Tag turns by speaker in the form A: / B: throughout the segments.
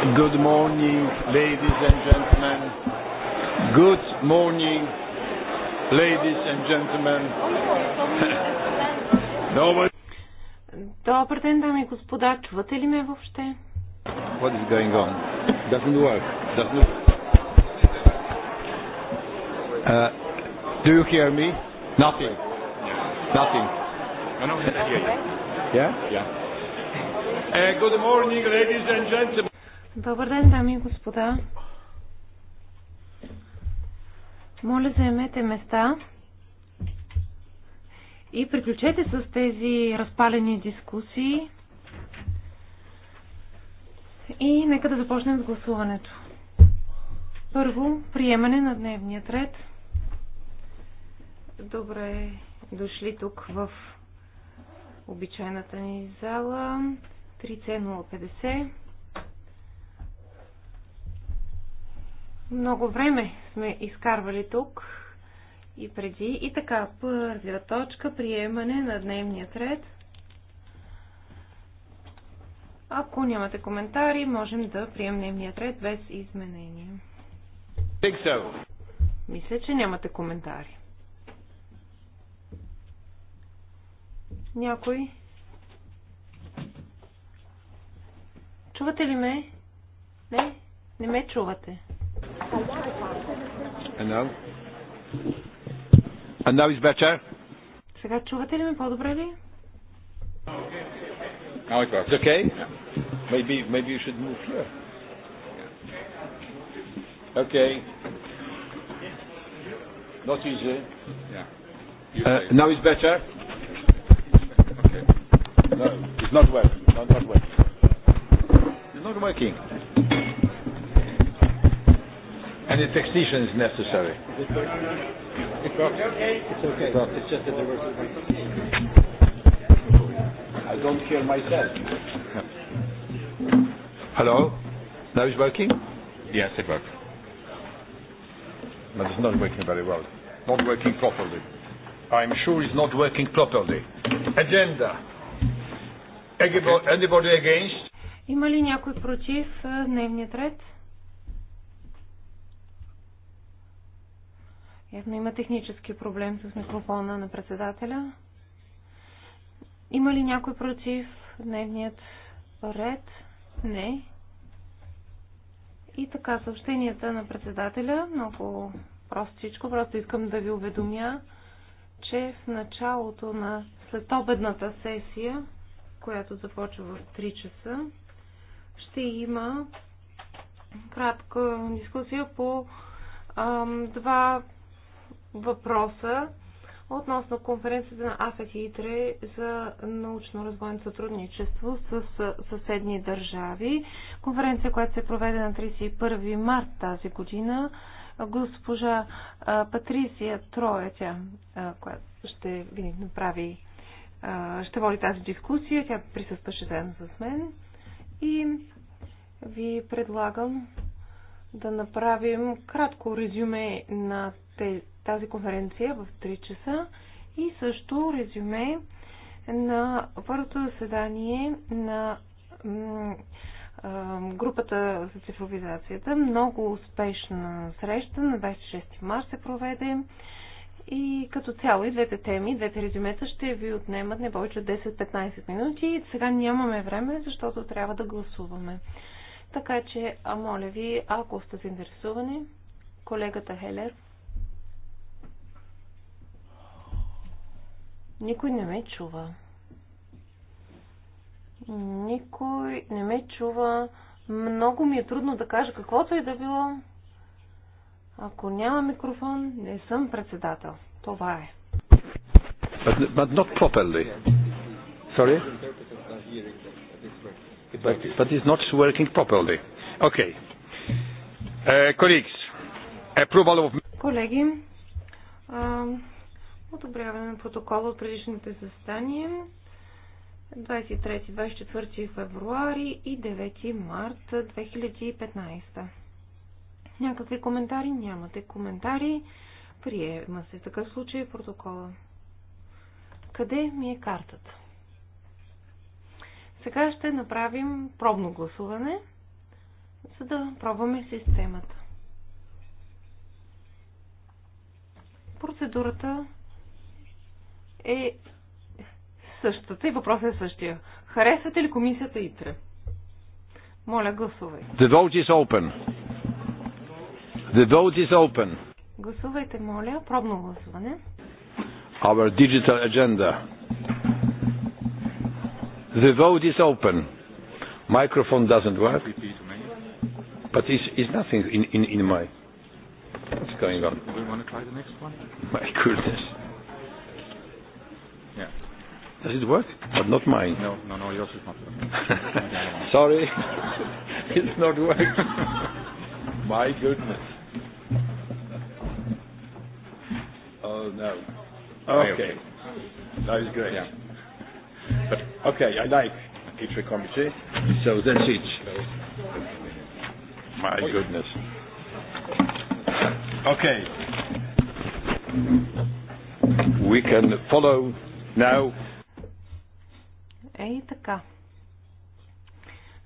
A: Good morning, ladies and gentlemen. Good morning, ladies and gentlemen. Добър...
B: ден, дами и господа. Чувате ли ме въобще?
A: What is going on? Doesn't work. Doesn't... Uh, do you hear me? Nothing. Nothing. No, no, yeah, yeah. Yeah? Yeah. Uh, good morning, ladies and gentlemen.
B: Добър ден, дами и господа. Моля, заемете места и приключете с тези разпалени дискусии. И нека да започнем с гласуването. Първо, приемане на дневният ред. Добре дошли тук в обичайната ни зала 3C050. Много време сме изкарвали тук и преди. И така, първа точка, приемане на дневния ред. Ако нямате коментари, можем да приемем дневния ред без изменения. So. Мисля, че нямате коментари. Някой? Чувате ли ме? Не? Не ме чувате.
A: And now? And now it's better?
B: Сега чувате ли ме по-добре ли?
A: Now it works. Okay? Maybe, maybe you should move here. Okay. Not easy. Yeah. Uh, now it's better? Okay. No, it's not working. No not working. It's not working. Any technician is necessary. It's okay. It's okay. It's just that I don't hear myself. Hello? Now it's working? Yes, it works. But it's not working very well. Not working properly. I'm sure it's not working properly. Agenda. Anybody against?
B: Има ли някой против дневният ред? Явно има технически проблем с микрофона на председателя. Има ли някой против дневният ред? Не. И така, съобщенията на председателя, много простичко, просто искам да ви уведомя, че в началото на следобедната сесия, която започва в 3 часа, ще има кратка дискусия по ам, два въпроса относно конференцията на АФЕТ и ИТРЕ за научно-развойно сътрудничество с съседни държави. Конференция, която се проведе на 31 март тази година. Госпожа Патрисия Троя, тя, която ще ви направи, ще води тази дискусия. Тя присъстваше заедно с мен. И ви предлагам да направим кратко резюме на, тези тази конференция в 3 часа и също резюме на първото заседание на групата за цифровизацията. Много успешна среща на 26 марта се проведе и като цяло и двете теми, двете резюмета ще ви отнемат не повече от 10-15 минути. Сега нямаме време, защото трябва да гласуваме. Така че, а моля ви, ако сте заинтересувани, колегата Хелер Никой не ме чува. Никой не ме чува. Много ми е трудно да кажа каквото и да било. Ако няма микрофон, не съм председател. Това е.
A: But, but not properly. Sorry? But, but it's not working properly. Okay. Uh, colleagues, approval of...
B: Колеги, uh, одобряване на протокола от предишните състания 23-24 февруари и 9 март 2015. Някакви коментари? Нямате коментари. Приема се в такъв случай протокола. Къде ми е картата? Сега ще направим пробно гласуване, за да пробваме системата. Процедурата е същата и въпросът е същия. Харесвате ли комисията ИТРЕ? Моля,
C: гласувай.
A: The vote is open. The vote is open.
B: Гласувайте, моля, пробно гласуване.
A: Our digital agenda. The vote is open. Microphone doesn't work. But it's, it's nothing in, in, in my... What's going on? Do we want to try the next one? My goodness. Does it work? But not mine. No, no, no, yours is not working. Sorry. it's not working. My goodness. Oh, no. Okay. That is great. Yeah. But, okay, I like ITRE committee. So that's it. My goodness. Okay. We can follow now
B: е, и така.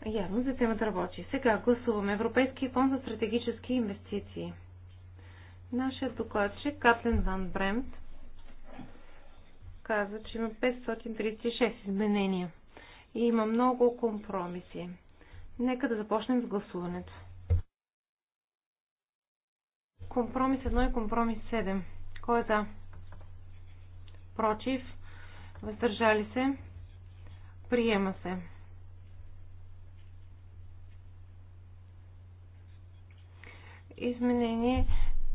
B: Явно за темата работи. Сега гласуваме Европейския фонд за стратегически инвестиции. Нашият докладчик Катлен Ван Бремт каза, че има 536 изменения и има много компромиси. Нека да започнем с гласуването. Компромис 1 и компромис 7. Кой е за? Против? Въздържали се? Приема се. Изменение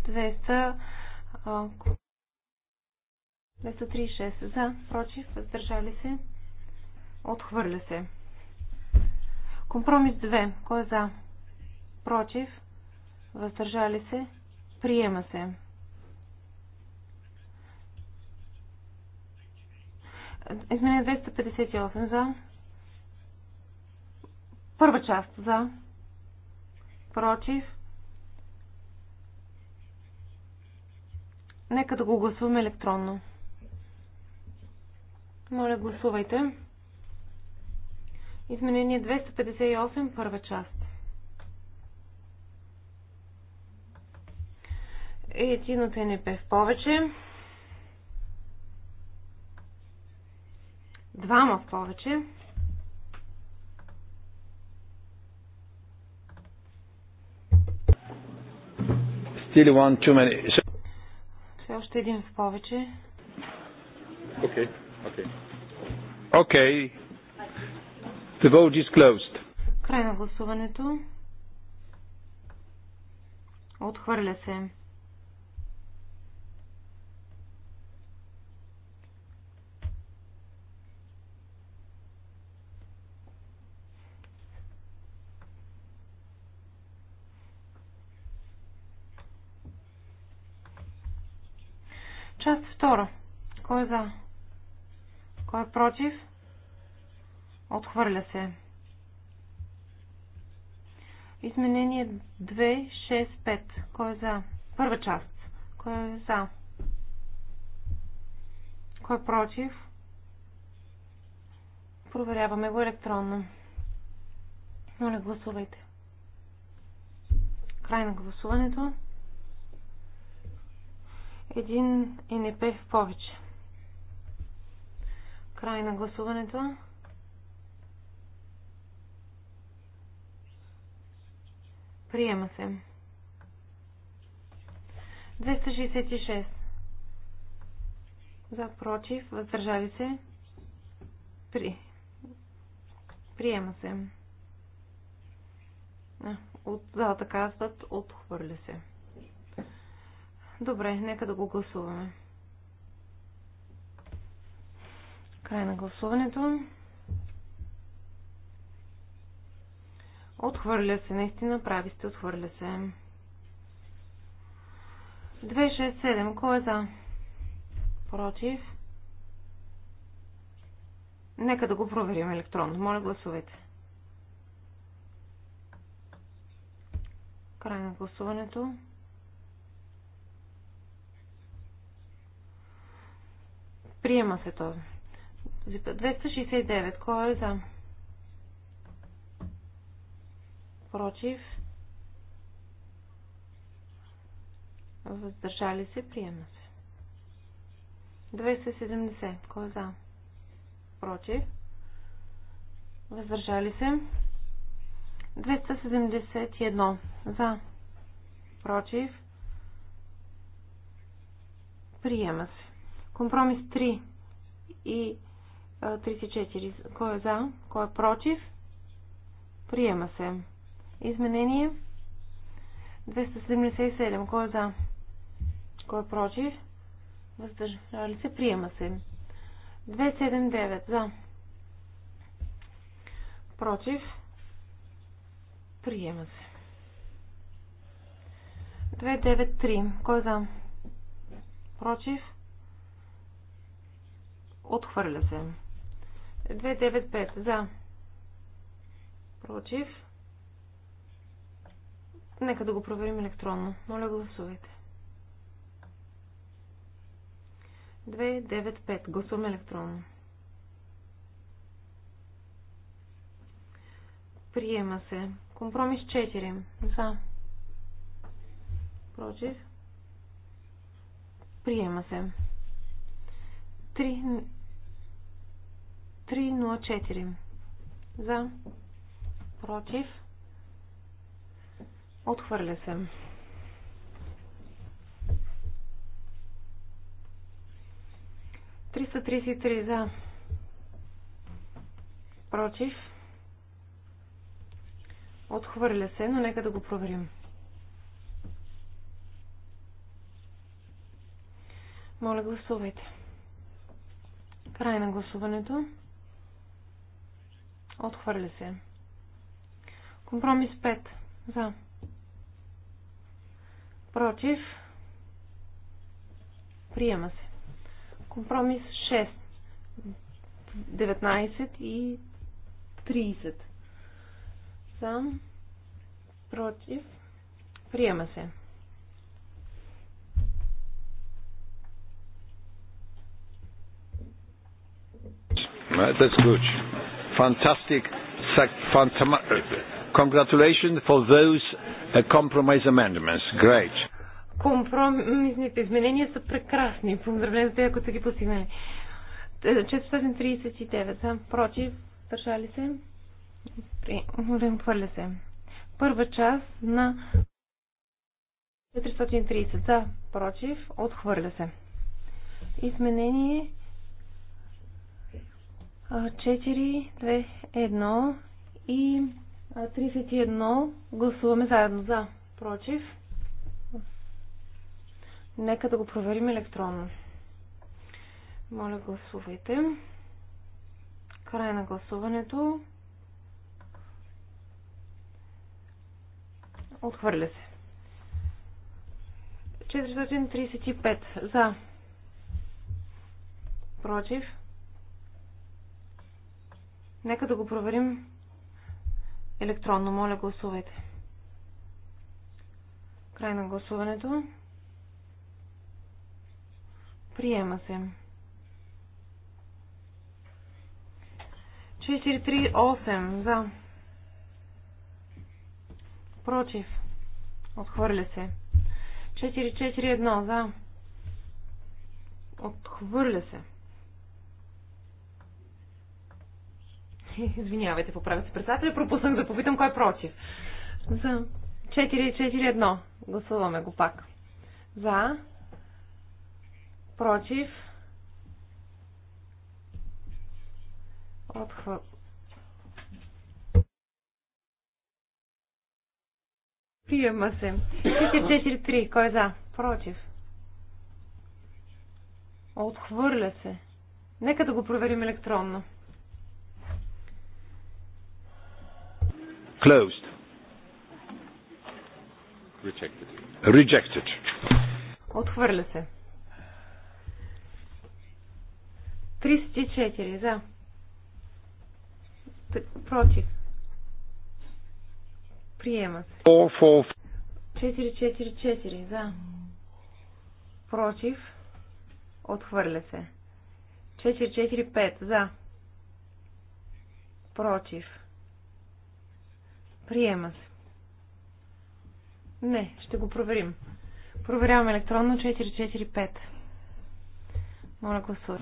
B: 236 за, против, въздържали се, отхвърля се. Компромис 2. Кой е за? Против, въздържали се, приема се. Изменение 258 за. Първа част за. Против. Нека да го гласуваме електронно. Моля, гласувайте. Изменение 258, първа част. Един е НП в повече. Двама в повече.
A: Still one too many.
B: Все още един в повече.
A: Окей, окей. Окей. The vote is closed.
B: Край на гласуването. Отхвърля се. Част втора. Кой е за? Кой е против? Отхвърля се. Изменение 2, 6, 5. Кой е за? Първа част. Кой е за? Кой е против? Проверяваме го електронно. Моля, гласувайте. Край на гласуването един НП в повече. Край на гласуването. Приема се. 266. За, против, въздържали се. При. Приема се. От залата казват, отхвърля се. Добре, нека да го гласуваме. Край на гласуването. Отхвърля се, наистина прави сте, отхвърля се. 267, кой е за? Против. Нека да го проверим електронно. Моля, гласувайте. Край на гласуването. Приема се този. 269. Кой е за? Против. Въздържали се. Приема се. 270. Кой е за? Против. Въздържали се. 271. За. Против. Приема се. Компромис 3 и 34. Кой е за? Кой е против? Приема се. Изменение 277. Кой е за? Кой е против? ли се. Приема се. 279. За. Против. Приема се. 293. Кой е за? Против. Отхвърля се. 295 за. Против. Нека да го проверим електронно. Моля, гласувайте. 295. Гласуваме електронно. Приема се. Компромис 4. За. Против. Приема се. 3 304. За. Против. Отхвърля се. Триста тридесет за. Против. Отхвърля се, но нека да го проверим. Моля, гласувайте. Край на гласуването. Отхвърля се. Компромис 5. За. Против. Приема се. Компромис 6. 19 и 30. За. Против. Приема се.
A: That's good fantastic, fantastic. Uh, congratulations for those uh, compromise amendments. Great.
B: Компромисните изменения са прекрасни. Поздравления за тези, които ги постигнали. 439 е, са. против, държали се, Отхвърля се. Първа част на 430 за, против, отхвърля се. Изменение 4, 2, 1 и 31 гласуваме заедно за, против. Нека да го проверим електронно. Моля, гласувайте. Край на гласуването. Отхвърля се. 435 за. Против. Нека да го проверим електронно. Моля, гласувайте. Край на гласуването. Приема се. 438 за. Против. Отхвърля се. 441 за. Отхвърля се. Извинявайте, поправя се председателя. Пропуснах да попитам кой е против. За 4-4-1. Гласуваме го пак. За. Против. Отхвърля. Приема се. 4-4-3. Кой е за? Против. Отхвърля се. Нека да го проверим електронно. 4-4-3.
A: Closed. Rejected. Rejected.
B: Отхвърля се. 34 за. Против. Приема се. 444 за. Против. Отхвърля се. 445 за. Против. Приема се. Не, ще го проверим. Проверявам електронно 445. Моля гласувай.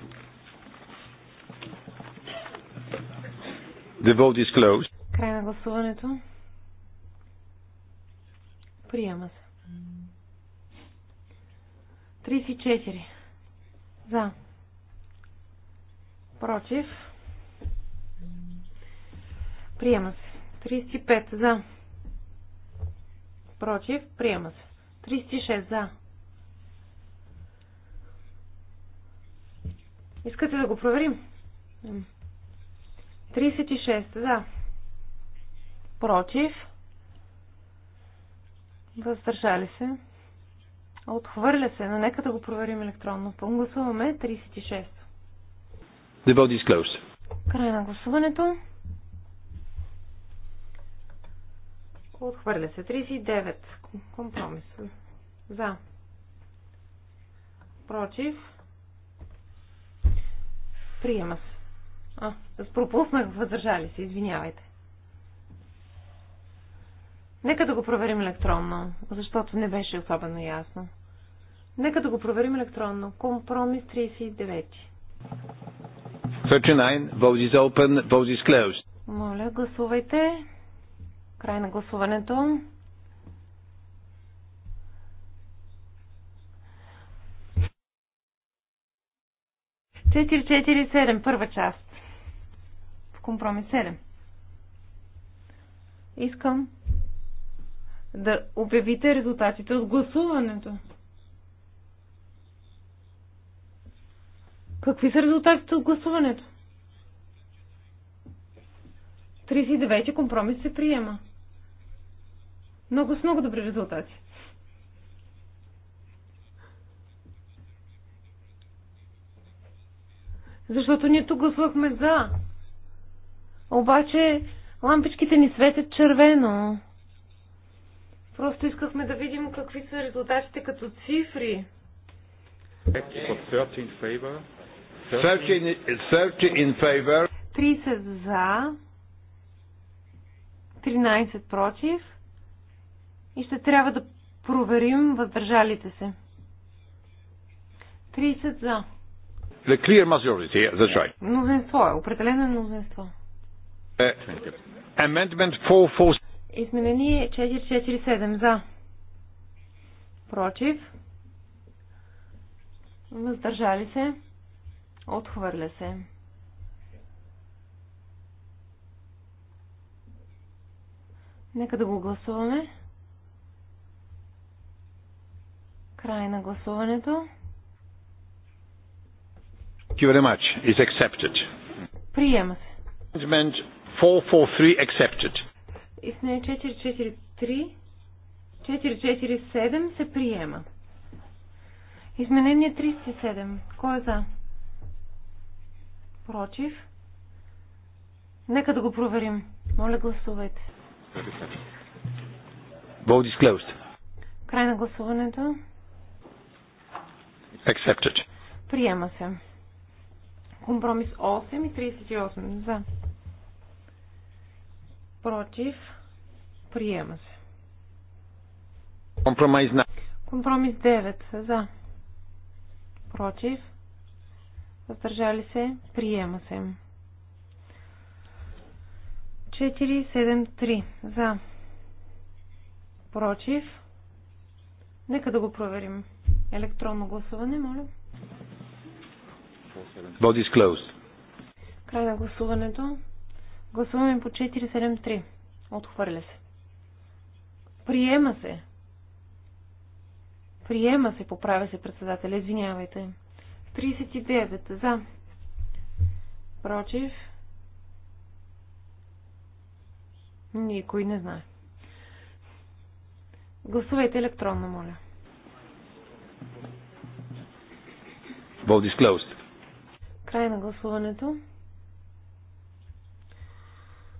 A: The vote is closed.
B: Край на гласуването. Приема се. 34. За. Против. Приема се. 35 за. Против. Приема се. 36 за. Искате да го проверим? 36 за. Против. Въздържали се. Отхвърля се, но нека да го проверим електронно. Гласуваме 36. Край на гласуването. Отхвърля се. 39. Компромис. За. Против. Приема се. А, пропуснах въздържали се, извинявайте. Нека да го проверим електронно, защото не беше особено ясно. Нека да го проверим електронно. Компромис 39.
A: 39. Vote is open, vote is closed.
B: Моля, гласувайте. Край на гласуването. Четири, четири, седем. Първа част. В компромис 7. Искам да обявите резултатите от гласуването. Какви са резултатите от гласуването? 39 компромис се приема. Много с много добри резултати. Защото ние тук гласувахме за. Обаче лампичките ни светят червено. Просто искахме да видим какви са резултатите като цифри.
A: 30
B: за, 13 против, и ще трябва да проверим въздържалите се. 30 за.
A: The clear majority, that's right.
B: Мнозинство е, определено е мнозинство.
A: Uh, amendment 447.
B: Изменение 447 за. Против. Въздържали се. Отхвърля се. Нека да го гласуваме. Край на гласуването. Приема се.
A: 443 accepted.
B: Изменение 443 447 се приема. Изменение 37. Кой е за? Против. Нека да го проверим. Моля гласувайте.
A: Vote is closed.
B: Край на гласуването. Accepted. Приема се. Компромис 8 и 38. За. Против. Приема се.
A: Компромис 9.
B: Компромис 9. За. Против. Въздържали се. Приема се. 473. За. Против. Нека да го проверим. 473. Електронно гласуване, моля.
A: Vote is closed.
B: Край на гласуването. Гласуваме по 473. Отхвърля се. Приема се. Приема се, поправя се председател. Извинявайте. 39. За. Против. Никой не знае. Гласувайте електронно, моля.
A: Vote is closed.
B: Край на гласуването.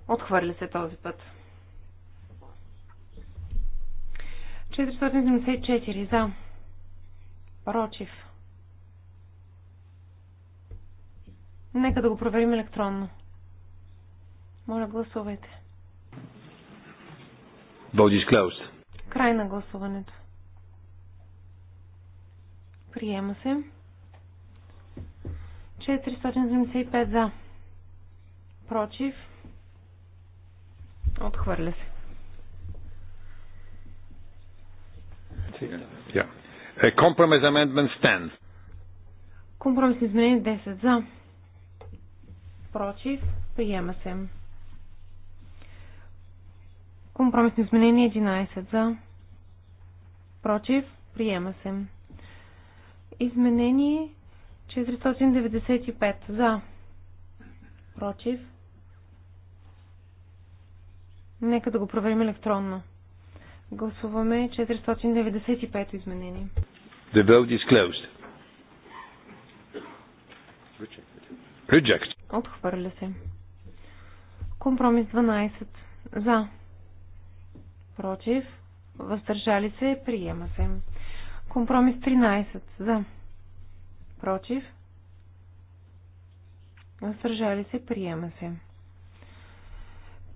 B: Отхвърли се този път. 474 за. Против. Нека да го проверим електронно. Моля, гласувайте.
A: Vote is closed.
B: Край на гласуването. Приема се. 475 за. Против. Отхвърля се.
A: Компромис Compromise amendment stands.
B: Компромисно изменение 10 за. Против. Приема се. Компромисно изменение 11 за. Против. Приема се. Изменение 495. За. Против. Нека да го проверим електронно. Гласуваме 495 изменение.
A: The vote is closed. Reject.
B: Отхвърля се. Компромис 12. За. Против. Въздържали се. Приема се. Компромис 13 за. Против. Въздържали се. Приема се.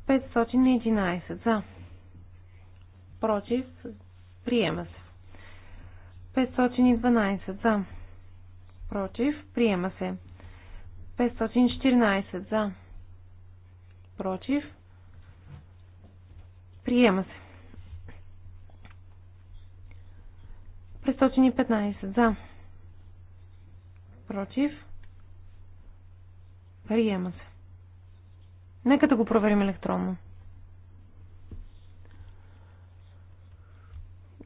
B: 511 за. Против. Приема се. 512 за. Против. Приема се. 514 за. Против. Приема се. 515 за. Против. Приема се. Нека да го проверим електронно.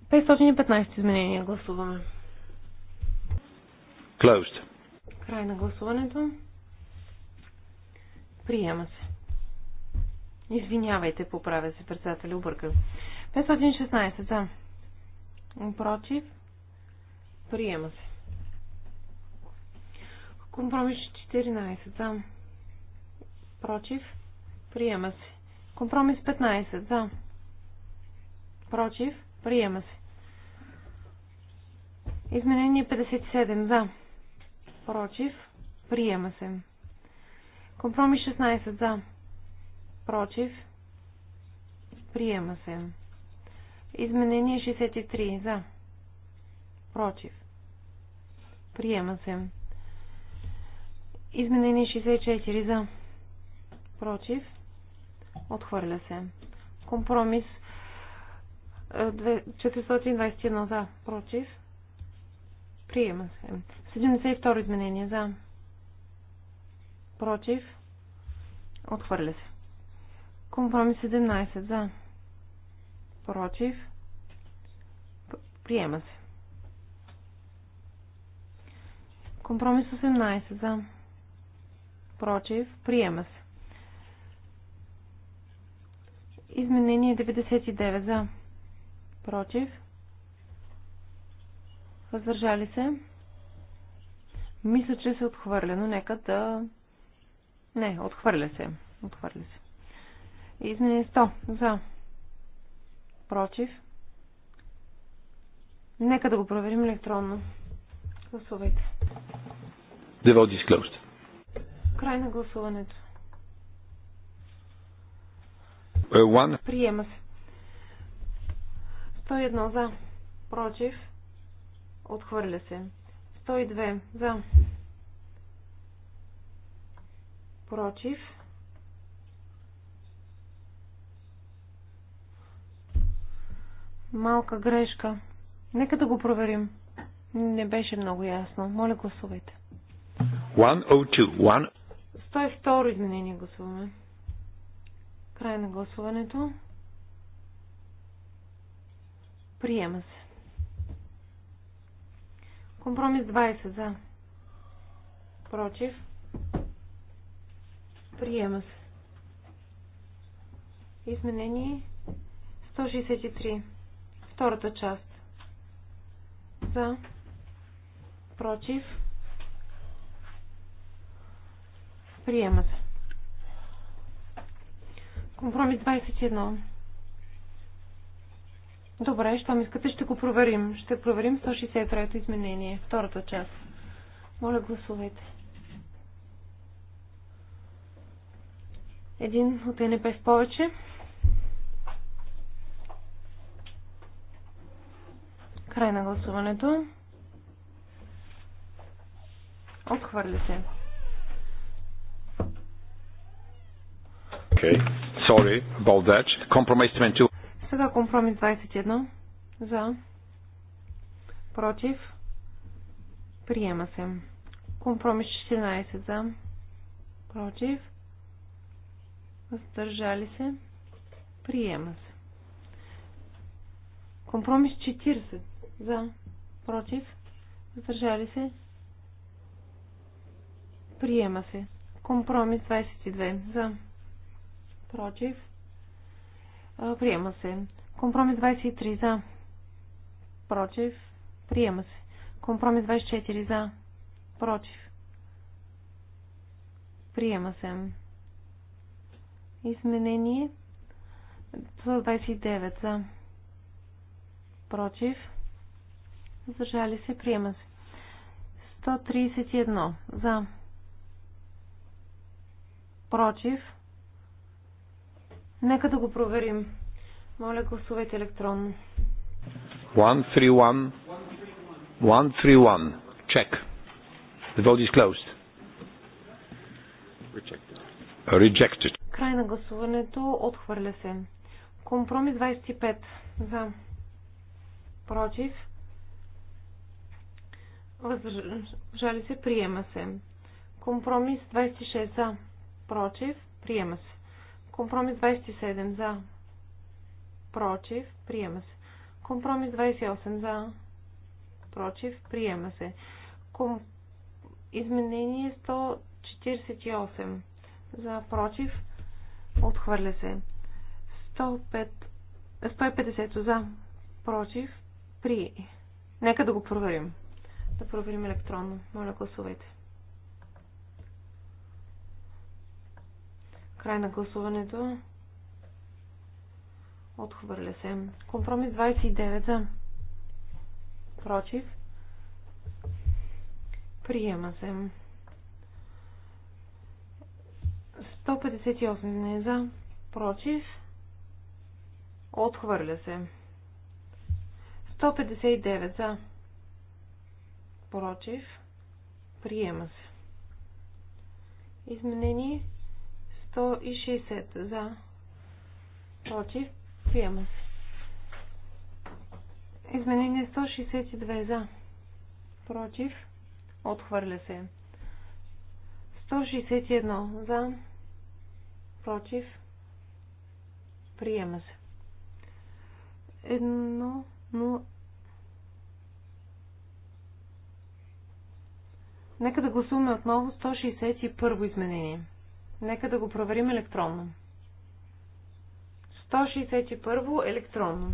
B: 515 изменения гласуваме. Closed. Край на гласуването. Приема се. Извинявайте, поправя се председателя, обърка. 516 за. Против. Приема се. Компромис 14 за. Против. Приема се. Компромис 15 за. Против. Приема се. Изменение 57 за. Против. Приема се. Компромис 16 за. Против. Приема се. Изменение 63 за Против. Приема се. Изменение 64 за. Против. Отхвърля се. Компромис 421 е, за. Против. Приема се. 72 изменение за. Против. Отхвърля се. Компромис 17 за. Против. Приема се. Компромис 18 за. Против. Приема се. Изменение 99 за. Против. Въздържали се. Мисля, че се отхвърля, но нека да... Не, отхвърля се. Отхвърля се. Изменение 100 за. Против. Нека да го проверим електронно. Гласувайте.
A: The vote is closed.
B: Край на гласуването. Е, one. Приема се. 101 за. Против. Отхвърля се. 102 за. Против. Малка грешка. Нека да го проверим. Не беше много ясно. Моля, гласувайте.
A: 102.
B: изменение гласуваме. Край на гласуването. Приема се. Компромис 20 за. Против. Приема се. Изменение 163. Втората част. За. Против. Приема се. Компромис 21. Добре, щом искате, ще го проверим. Ще проверим 163-то изменение, втората част. Моля, гласувайте. Един от НП в повече. Край на гласуването. Отхвърля се.
A: Okay. Sorry about that. Compromise 22.
B: Сега компромис 21. За. Против. Приема се. Компромис 14. За. Против. Въздържали се. Приема се. Компромис 40. За. Против. Въздържали се. Приема се. Компромис 22 за. Против. Приема се. Компромис 23 за. Против. Приема се. Компромис 24 за. Против. Приема се. Изменение 129 за. Против. Зажали се. Приема се. 131 за Против? Нека да го проверим. Моля, гласувайте електронно.
A: 131. 131. Check. The vote is closed. Rejected. Rejected.
B: Край на гласуването. Отхвърля се. Компромис 25. За. Против. Въздържали се. Приема се. Компромис 26. За Против. Приема се. Компромис 27 за. Против. Приема се. Компромис 28 за. Против. Приема се. Ком... Изменение 148 за. Против. Отхвърля се. 105... 150 за. Против. При. Нека да го проверим. Да проверим електронно. Моля, гласувайте. Край на гласуването. Отхвърля се. Компромис 29 за. Против. Приема се. 158 не е за. Против. Отхвърля се. 159 за. Против. Приема се. Изменение 160 за. Против. Приема се. Изменение 162 за. Против. Отхвърля се. 161 за. Против. Приема се. Едно, но... Нека да гласуваме отново 161 изменение. 161. Нека да го проверим електронно. 161 електронно.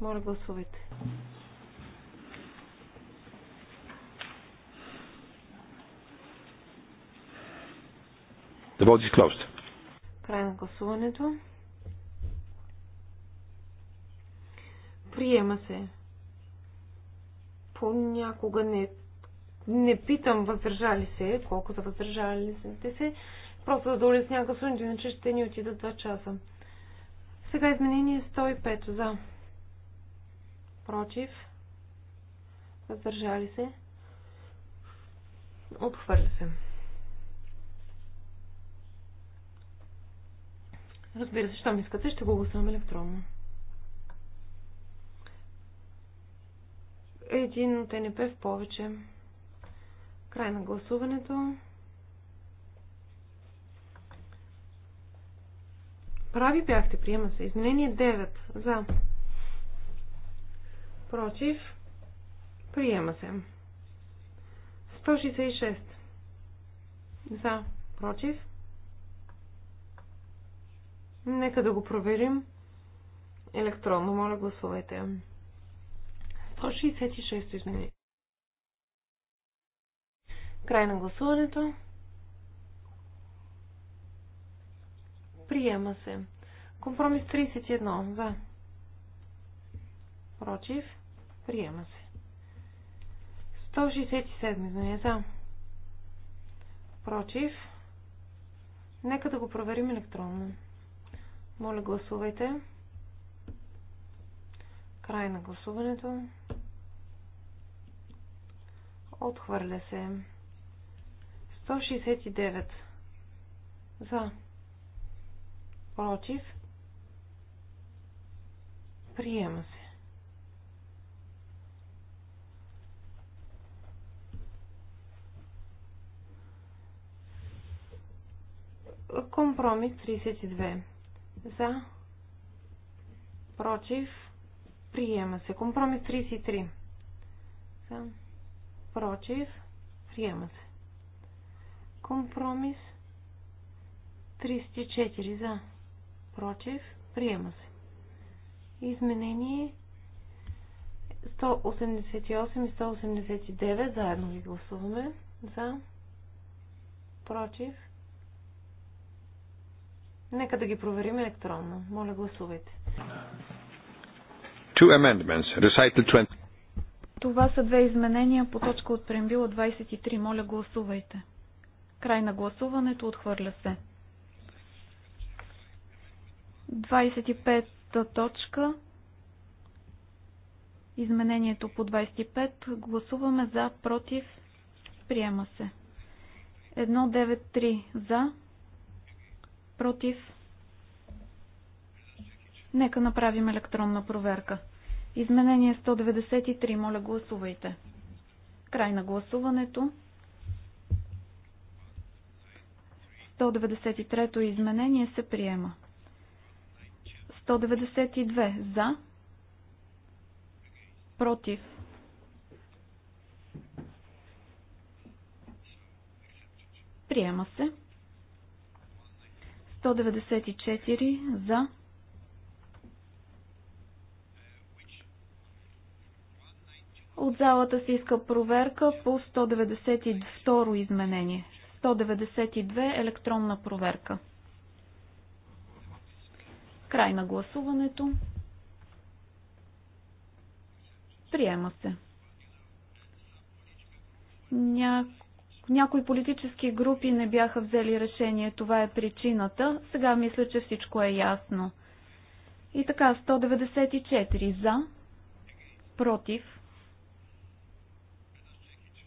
B: Моля гласувайте.
A: Да бъде is
B: Край на гласуването. Приема се. Понякога не, не питам въздържали се, колко са въздържали се Просто за да улесня гласуването, иначе ще ни отидат 2 часа. Сега изменение 105 за. Против. Въздържали се. Отхвърля се. Разбира се, щом искате, ще го гласувам електронно. Един от НП в повече. Край на гласуването. Прави бяхте, приема се. Изменение 9. За. Против. Приема се. 166. За. Против. Нека да го проверим. Електронно, моля, гласувайте. 166 изменение. Край на гласуването. Приема се. Компромис 31. За. Против. Приема се. 167 изменение за. Против. Нека да го проверим електронно. Моля, гласувайте. Край на гласуването. Отхвърля се. 169. За против, приема се. Компромис 32. За, против, приема се. Компромис 33. За, против, приема се. Компромис 34. За, прочев, приема се. Изменение 188 и 189, заедно ги гласуваме. За, прочев.
D: Нека да ги проверим електронно. Моля, гласувайте.
A: Two amendments, recital 20.
D: Това са две изменения по точка от прембила 23. Моля, гласувайте. Край на гласуването отхвърля се. 25-та точка. Изменението по 25. Гласуваме за, против, приема се. 9-3 за, против. Нека направим електронна проверка. Изменение 193. Моля, гласувайте. Край на гласуването. 193-то изменение се приема. 192 за, против. Приема се. 194 за. От залата се иска проверка по 192 изменение. 192 електронна проверка. Край на гласуването. Приема се. Ня... Някои политически групи не бяха взели решение. Това е причината. Сега мисля, че всичко е ясно. И така, 194 за, против.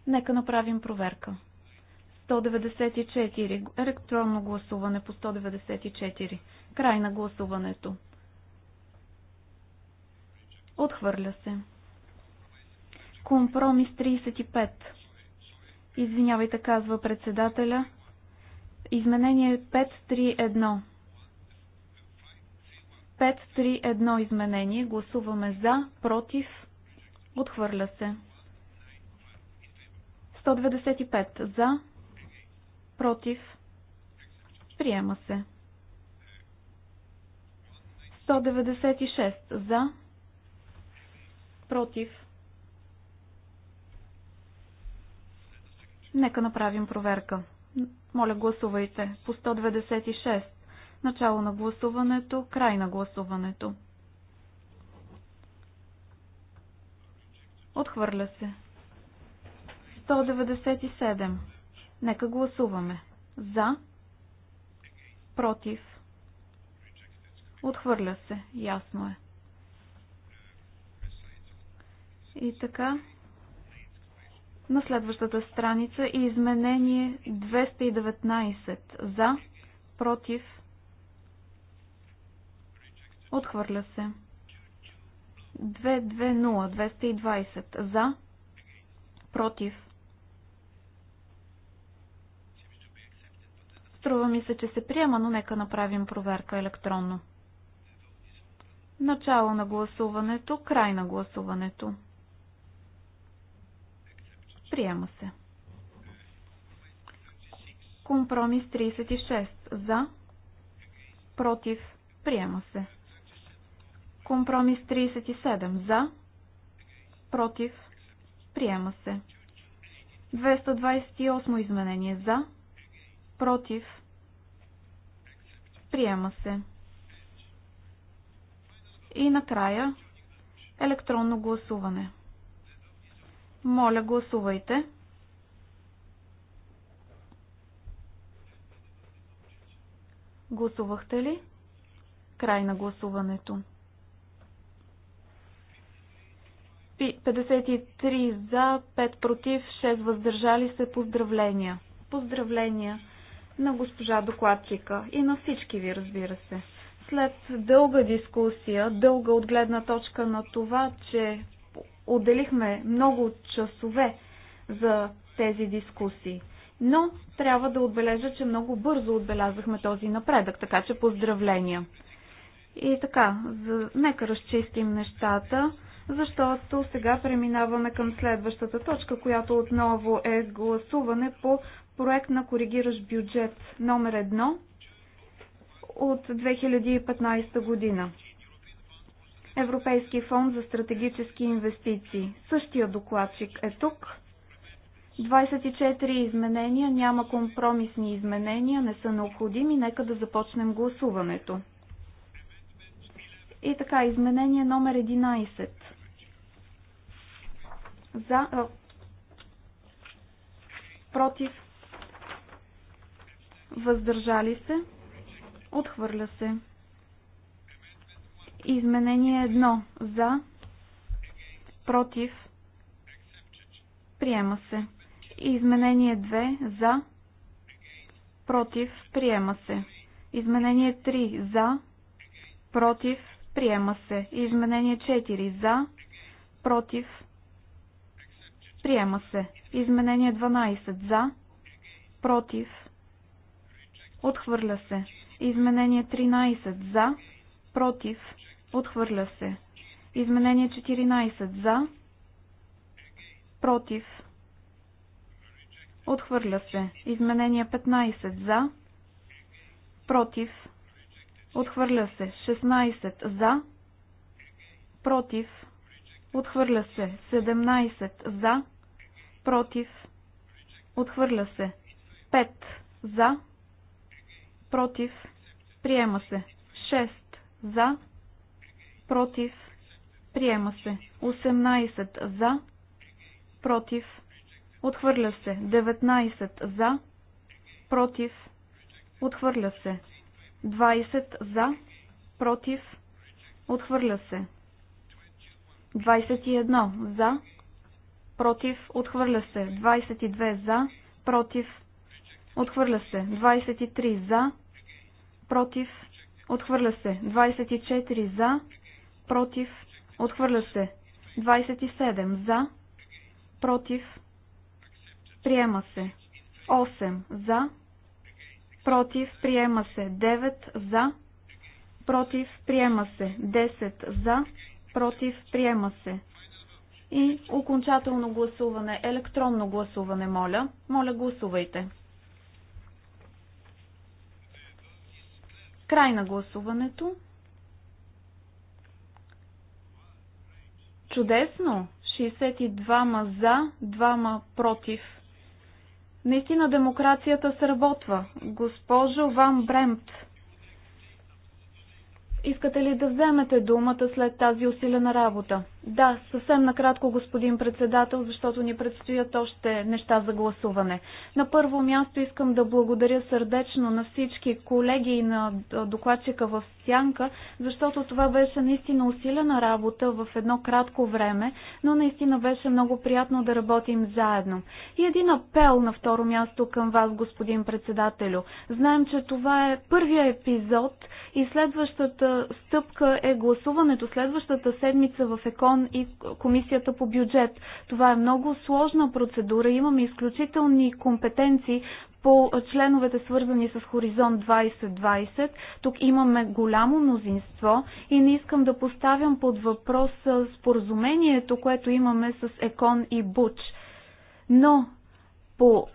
D: Нека направим проверка. 194. Електронно гласуване по 194. Край на гласуването. Отхвърля се. Компромис 35. Извинявайте, казва председателя. Изменение 531. 531 изменение. Гласуваме за, против. Отхвърля се. 195 за, Против. Приема се. 196 за. Против. Нека направим проверка. Моля, гласувайте по 196. Начало на гласуването, край на гласуването. Отхвърля се. 197. Нека гласуваме. За. Против. Отхвърля се. Ясно е. И така. На следващата страница е и изменение 219. За. Против. Отхвърля се. 220. 220. За. Против. Струва ми се, че се приема, но нека направим проверка електронно. Начало на гласуването, край на гласуването. Приема се. Компромис 36. За. Против. Приема се. Компромис 37. За. Против. Приема се. 228 изменение. За против, приема се. И накрая електронно гласуване. Моля, гласувайте. Гласувахте ли? Край на гласуването. 53 за, 5 против, 6 въздържали се. Поздравления! Поздравления! на госпожа докладчика и на всички ви, разбира се. След дълга дискусия, дълга от гледна точка на това, че отделихме много часове за тези дискусии. Но трябва да отбележа, че много бързо отбелязахме този напредък, така че поздравления. И така, за... нека разчистим нещата защото сега преминаваме към следващата точка, която отново е гласуване по проект на коригиращ бюджет номер 1 от 2015 година. Европейски фонд за стратегически инвестиции. Същия докладчик е тук. 24 изменения, няма компромисни изменения, не са необходими. Нека да започнем гласуването. И така, изменение номер 11 за, а, против, въздържали се, отхвърля се. Изменение 1 за, против, приема се. Изменение 2 за, против, приема се. Изменение 3 за, против, приема се. Изменение 4 за, против, Приема се. Изменение 12. За. Против. Отхвърля се. Изменение 13. За. Против. Отхвърля се. Изменение 14. За. Против. Отхвърля се. Изменение 15. За. Против. Отхвърля се. 16. За. Против. Отхвърля се. 17. За против, отхвърля се. 5 за, против, приема се. 6 за, против, приема се. 18 за, против, отхвърля се. 19 за, против, отхвърля се. 20 за, против, отхвърля се. 21 за, против, отхвърля се. 22 за, против, отхвърля се. 23 за, против, отхвърля се. 24 за, против, отхвърля се. 27 за, против, приема се. 8 за, против, приема се. 9 за, против, приема се. 10 за, против, приема се. И окончателно гласуване, електронно гласуване, моля. Моля, гласувайте. Край на гласуването. Чудесно! 62 за, 2 против. Наистина демокрацията сработва. Госпожо Ван Бремт, искате ли да вземете думата след тази усилена работа? Да, съвсем накратко, господин председател, защото ни предстоят още неща за гласуване. На първо място искам да благодаря сърдечно на всички колеги и на докладчика в Сянка, защото това беше наистина усилена работа в едно кратко време, но наистина беше много приятно да работим заедно. И един апел на второ място към вас, господин председателю. Знаем, че това е първия епизод и следващата стъпка е гласуването. Следващата седмица в Екон закон и Комисията по бюджет. Това е много сложна процедура. Имаме изключителни компетенции по членовете свързани с Хоризонт 2020. Тук имаме голямо мнозинство и не искам да поставям под въпрос споразумението, което имаме с ЕКОН и БУЧ. Но по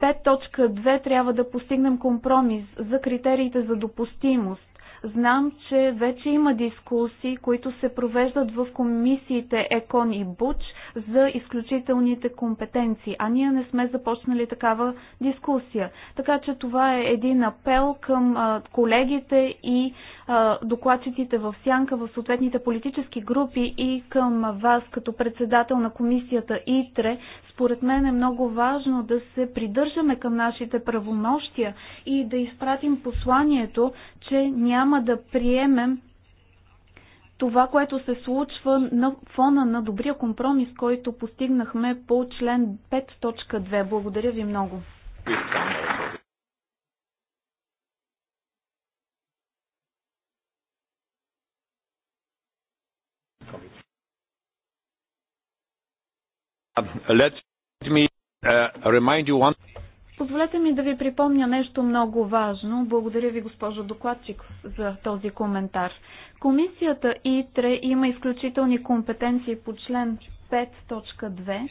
D: 5.2 трябва да постигнем компромис за критериите за допустимост. Знам, че вече има дискусии, които се провеждат в комисиите ЕКОН и БУЧ за изключителните компетенции, а ние не сме започнали такава дискусия. Така че това е един апел към колегите и докладчиците в сянка в съответните политически групи и към вас като председател на комисията ИТРЕ според мен е много важно да се придържаме към нашите правомощия и да изпратим посланието, че няма да приемем това, което се случва на фона на добрия компромис, който постигнахме по член 5.2. Благодаря ви много.
A: Um, let me uh, remind you one...
D: Позволете ми да ви припомня нещо много важно. Благодаря ви, госпожо докладчик, за този коментар. Комисията ИТРЕ има изключителни компетенции по член 5.2.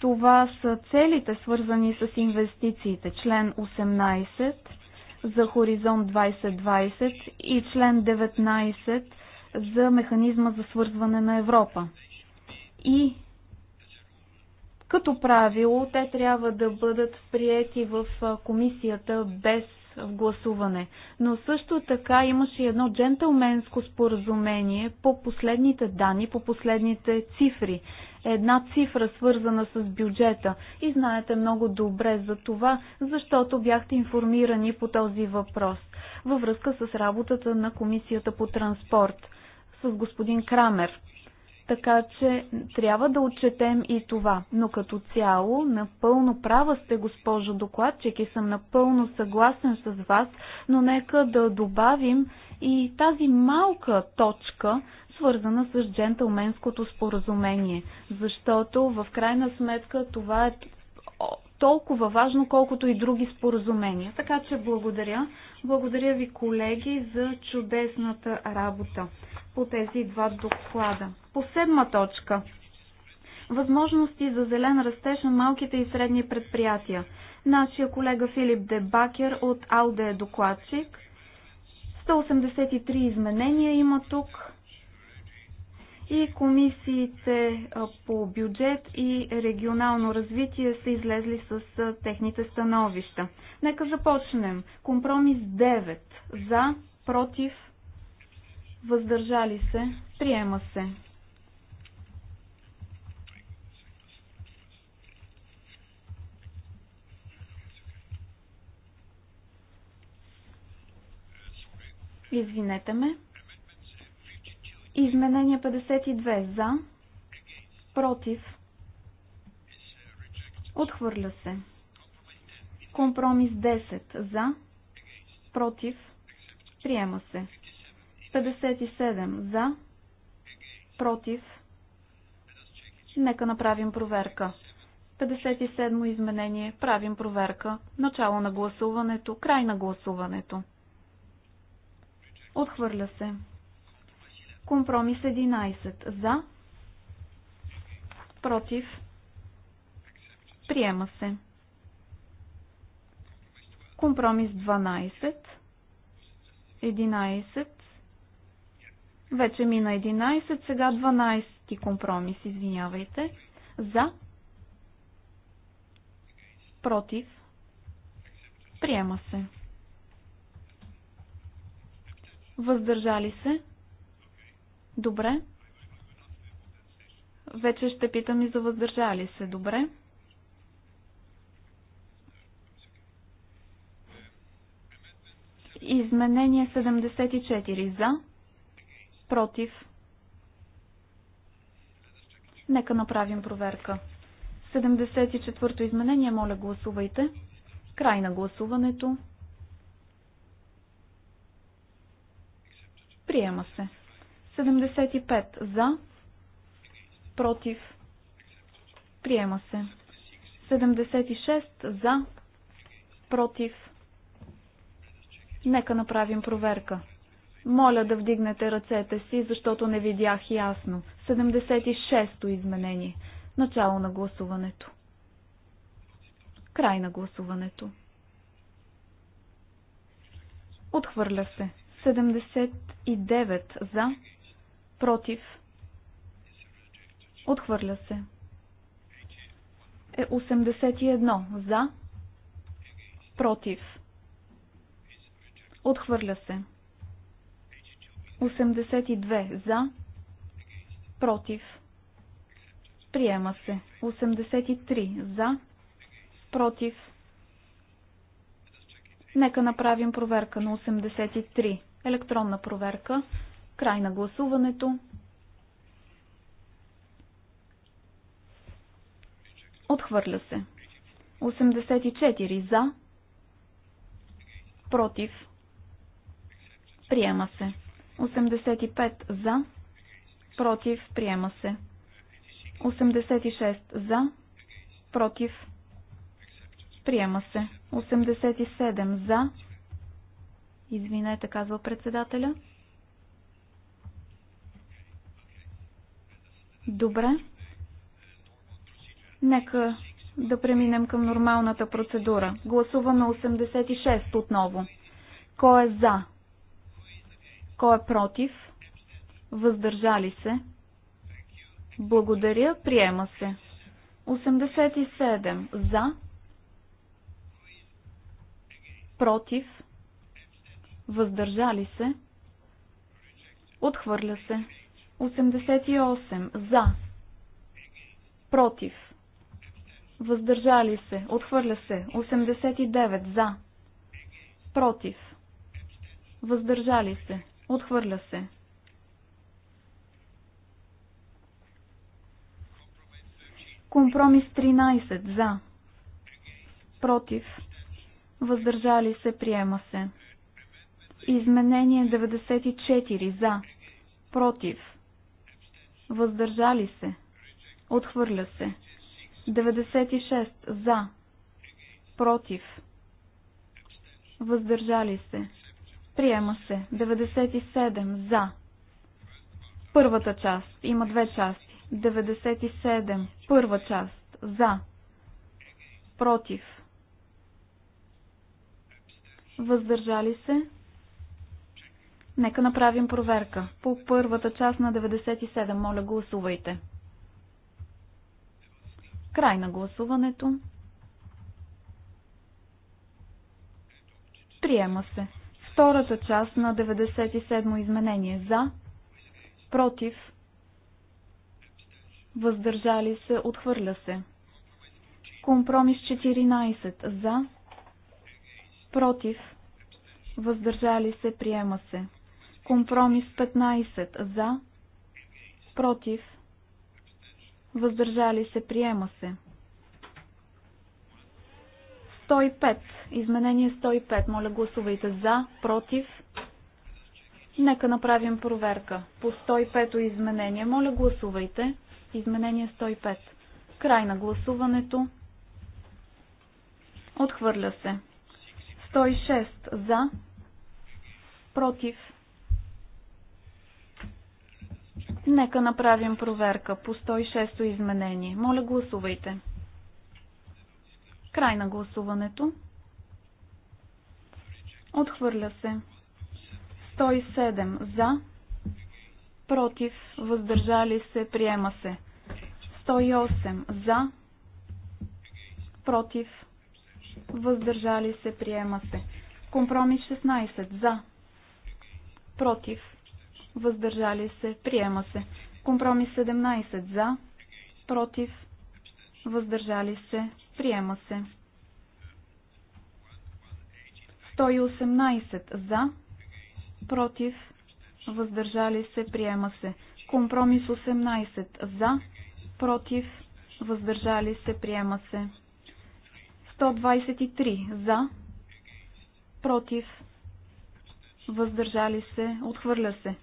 D: Това са целите, свързани с инвестициите. Член 18 за Хоризонт 2020 и член 19 за Механизма за свързване на Европа и като правило те трябва да бъдат приети в комисията без гласуване. Но също така имаше едно джентълменско споразумение по последните данни, по последните цифри. Една цифра свързана с бюджета. И знаете много добре за това, защото бяхте информирани по този въпрос във връзка с работата на Комисията по транспорт с господин Крамер. Така че трябва да отчетем и това. Но като цяло, напълно права сте, госпожо докладчик, и съм напълно съгласен с вас, но нека да добавим и тази малка точка, свързана с джентълменското споразумение. Защото в крайна сметка това е толкова важно, колкото и други споразумения. Така че благодаря. Благодаря ви, колеги, за чудесната работа по тези два доклада. По седма точка. Възможности за зелен растеж на малките и средни предприятия. Нашия колега Филип Дебакер от Алде е докладчик. 183 изменения има тук и комисиите по бюджет и регионално развитие са излезли с техните становища. Нека започнем. Компромис 9. За, против, въздържали се, приема се. Извинете ме. Изменение 52 за, против, отхвърля се. Компромис 10 за, против, приема се. 57 за, против, нека направим проверка. 57 изменение, правим проверка, начало на гласуването, край на гласуването. Отхвърля се. Компромис 11. За. Против. Приема се. Компромис 12. 11. Вече мина 11, сега 12 компромис, извинявайте. За. Против. Приема се. Въздържали се. Добре. Вече ще питам и за въздържали се. Добре. Изменение 74 за, против. Нека направим проверка. 74-то изменение, моля гласувайте. Край на гласуването. Приема се. 75 за, против, приема се. 76 за, против. Нека направим проверка. Моля да вдигнете ръцете си, защото не видях ясно. 76-то изменение. Начало на гласуването. Край на гласуването. Отхвърля се. 79 за, против, отхвърля се. Е 81 за, против, отхвърля се. 82 за, против, приема се. 83 за, против. Нека направим проверка на 83. Електронна проверка. Край на гласуването. Отхвърля се. 84 за. Против. Приема се. 85 за. Против. Приема се. 86 за. Против. Приема се. 87 за. Извинете, казва председателя. Добре. Нека да преминем към нормалната процедура. Гласуваме 86 отново. Кой е за? Кой е против? Въздържали се? Благодаря, приема се. 87 за? Против? Въздържали се? Отхвърля се. 88. За. Против. Въздържали се. Отхвърля се. 89. За. Против. Въздържали се. Отхвърля се. Компромис 13. За. Против. Въздържали се. Приема се. Изменение 94. За. Против въздържали се, отхвърля се. 96 за, против, въздържали се, приема се. 97 за. Първата част има две части. 97 първа част за, против, въздържали се, Нека направим проверка. По първата част на 97, моля гласувайте. Край на гласуването. Приема се. Втората част на 97 изменение за, против, въздържали се, отхвърля се. Компромис 14 за, против, въздържали се, приема се. Компромис 15 за, против, въздържали се, приема се. 105. Изменение 105. Моля гласувайте за, против. Нека направим проверка. По 105-то изменение. Моля гласувайте. Изменение 105. Край на гласуването. Отхвърля се. 106 за, против, Нека направим проверка по 106 изменение. Моля, гласувайте. Край на гласуването. Отхвърля се. 107 за, против, въздържали се, приема се. 108 за, против, въздържали се, приема се. Компромис 16 за, против, въздържали се, приема се. Компромис 17 за, против, въздържали се, приема се. 118 за, против, въздържали се, приема се. Компромис 18 за, против, въздържали се, приема се. 123 за, против, въздържали се, отхвърля се.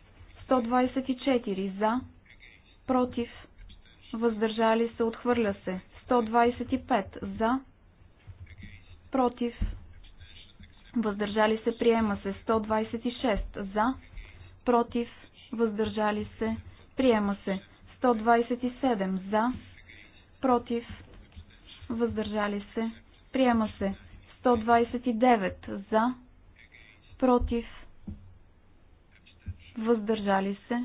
D: 124 за, против, въздържали се, отхвърля се. 125 за, против, въздържали се, приема се. 126 за, против, въздържали се, приема се. 127 за, против, въздържали се, приема се. 129 за, против, въздържали се.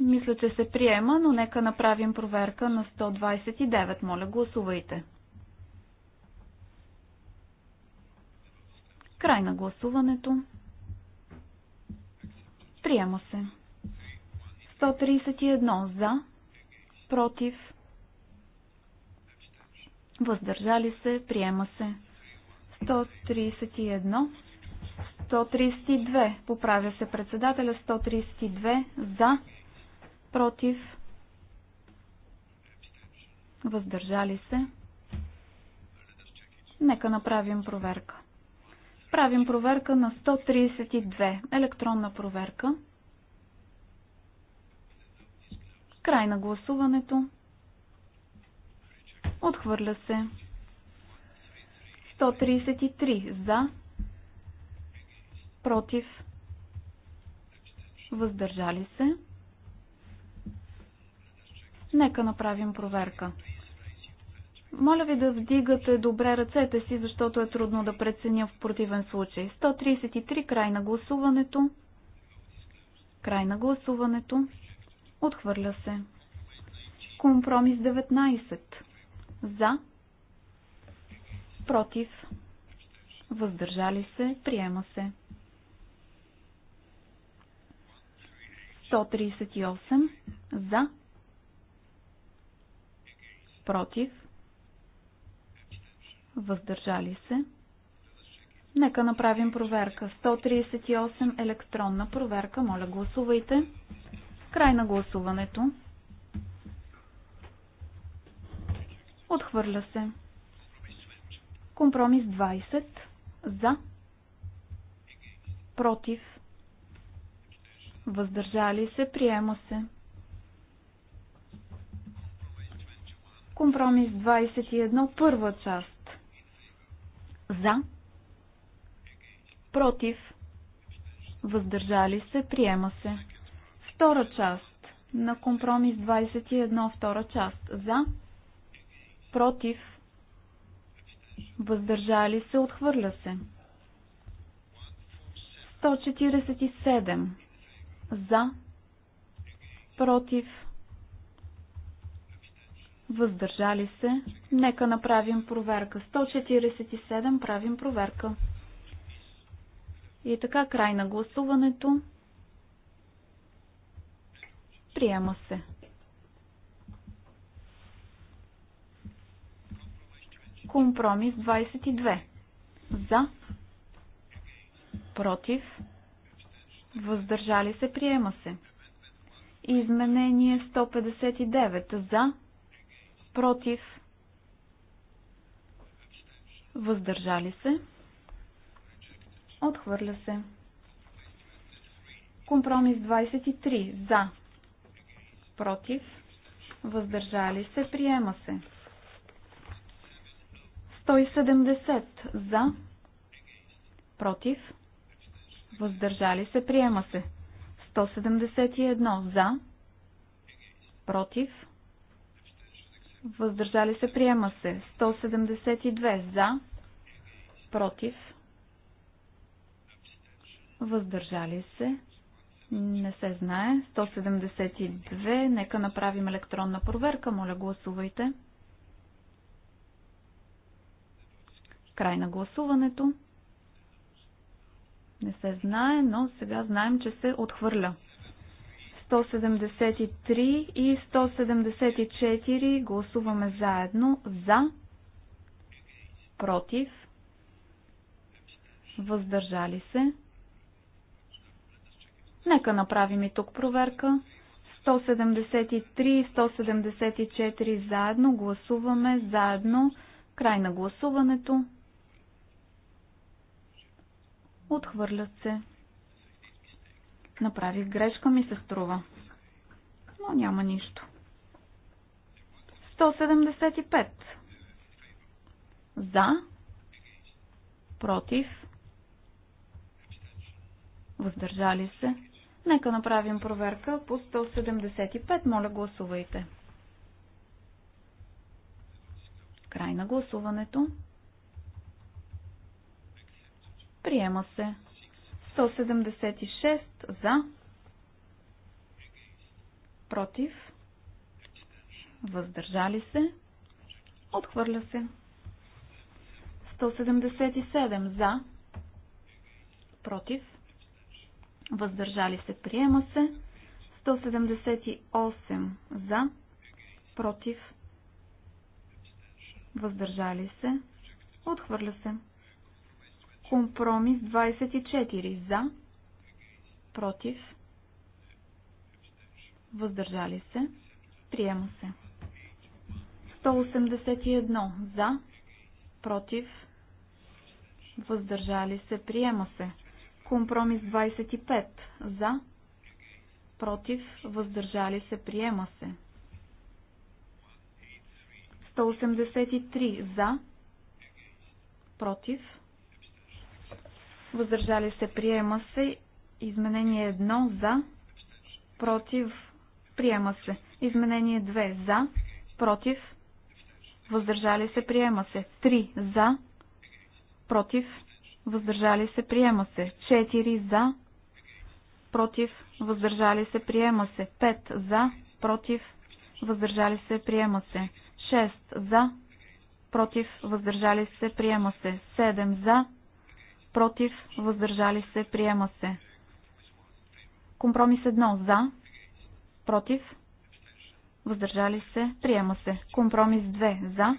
D: Мисля, че се приема, но нека направим проверка на 129. Моля, гласувайте. Край на гласуването. Приема се. 131 за, против, въздържали се, приема се. 131 132. Поправя се председателя. 132 за, против, въздържали се. Нека направим проверка. Правим проверка на 132. Електронна проверка. Край на гласуването. Отхвърля се. 133 за, против, въздържали се. Нека направим проверка. Моля ви да вдигате добре ръцете си, защото е трудно да преценя в противен случай. 133 край на гласуването. Край на гласуването. Отхвърля се. Компромис 19. За. Против. Въздържали се. Приема се. 138 за, против, въздържали се. Нека направим проверка. 138 електронна проверка. Моля, гласувайте. Край на гласуването. Отхвърля се. Компромис 20. За. Против въздържали се, приема се. Компромис 21, първа част. За, против, въздържали се, приема се. Втора част на компромис 21, втора част. За, против, въздържали се, отхвърля се. 147 за, против, въздържали се. Нека направим проверка. 147 правим проверка. И така край на гласуването. Приема се. Компромис 22. За. Против въздържали се, приема се. Изменение 159 за, против, въздържали се, отхвърля се. Компромис 23 за, против, въздържали се, приема се. 170 за, против, въздържали се, приема се. 171 за, против, въздържали се, приема се. 172 за, против, въздържали се, не се знае. 172, нека направим електронна проверка, моля гласувайте. Край на гласуването. Не се знае, но сега знаем, че се отхвърля. 173 и 174 гласуваме заедно за, против, въздържали се. Нека направим и тук проверка. 173 и 174 заедно гласуваме заедно. Край на гласуването. Отхвърлят се. Направих грешка, ми се струва. Но няма нищо. 175. За. Против. Въздържали се. Нека направим проверка по 175. Моля, гласувайте. Край на гласуването. Приема се. 176 за. Против. Въздържали се. Отхвърля се. 177 за. Против. Въздържали се. Приема се. 178 за. Против. Въздържали се. Отхвърля се. Компромис 24. За. Против. Въздържали се. Приема се. 181. За. Против. Въздържали се. Приема се. Компромис 25. За. Против. Въздържали се. Приема се. 183. За. Против въздържали се, приема се. Изменение 1 за, против, приема се. Изменение 2 за, против, въздържали се, приема се. 3 за, против, въздържали се, приема се. 4 за, против, въздържали се, приема се. 5 за, против, въздържали се, приема се. 6 за, против, въздържали се, приема се. 7 за, против, въздържали се, приема се. Компромис 1 за, против, въздържали се, приема се. Компромис 2 за,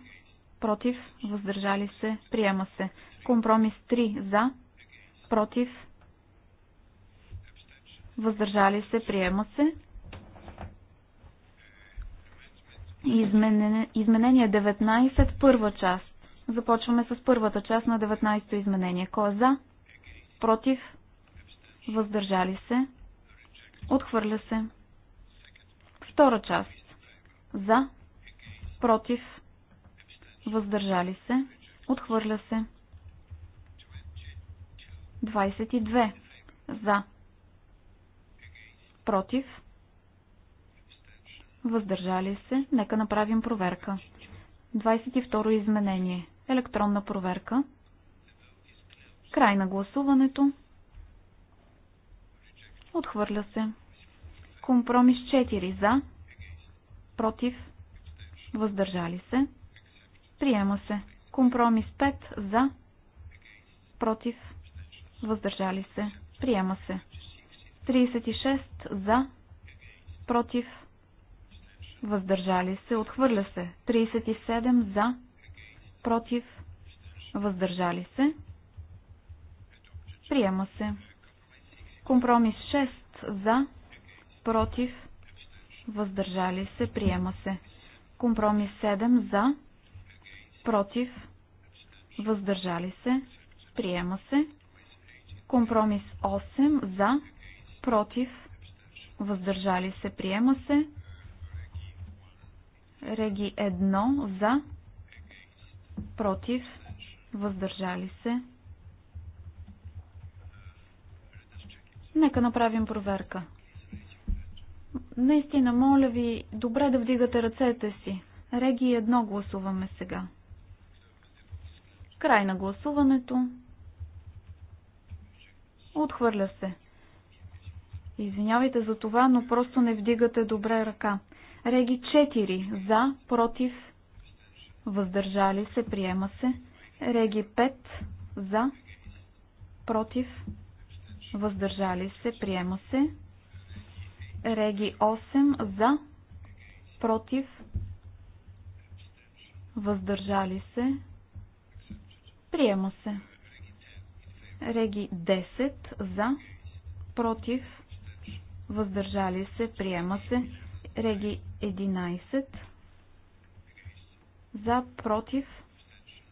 D: против, въздържали се, приема се. Компромис 3 за, против, въздържали се, приема се. Изменение 19, първа част Започваме с първата част на 19-то изменение. Кой е за? Против? Въздържали се? Отхвърля се. Втора част. За? Против? Въздържали се? Отхвърля се. 22. За. Против? Въздържали се? Нека направим проверка. 22 изменение. Електронна проверка. Край на гласуването. Отхвърля се. Компромис 4 за. Против. Въздържали се. Приема се. Компромис 5 за. Против. Въздържали се. Приема се. 36 за. Против. Въздържали се. Отхвърля се. 37 за против, въздържали се, приема се. Компромис 6 за, против, въздържали се, приема се. Компромис 7 за, против, въздържали се, приема се. Компромис 8 за, против, въздържали се, приема се. Реги 1 за, против, въздържали се. Нека направим проверка. Наистина, моля ви, добре да вдигате ръцете си. Реги едно гласуваме сега. Край на гласуването. Отхвърля се. Извинявайте за това, но просто не вдигате добре ръка. Реги 4 за, против, въздържали се, приема се. Реги 5 за, против, въздържали се, приема се. Реги 8 за, против, въздържали се, приема се. Реги 10 за, против, въздържали се, приема се. Реги 11 за, против,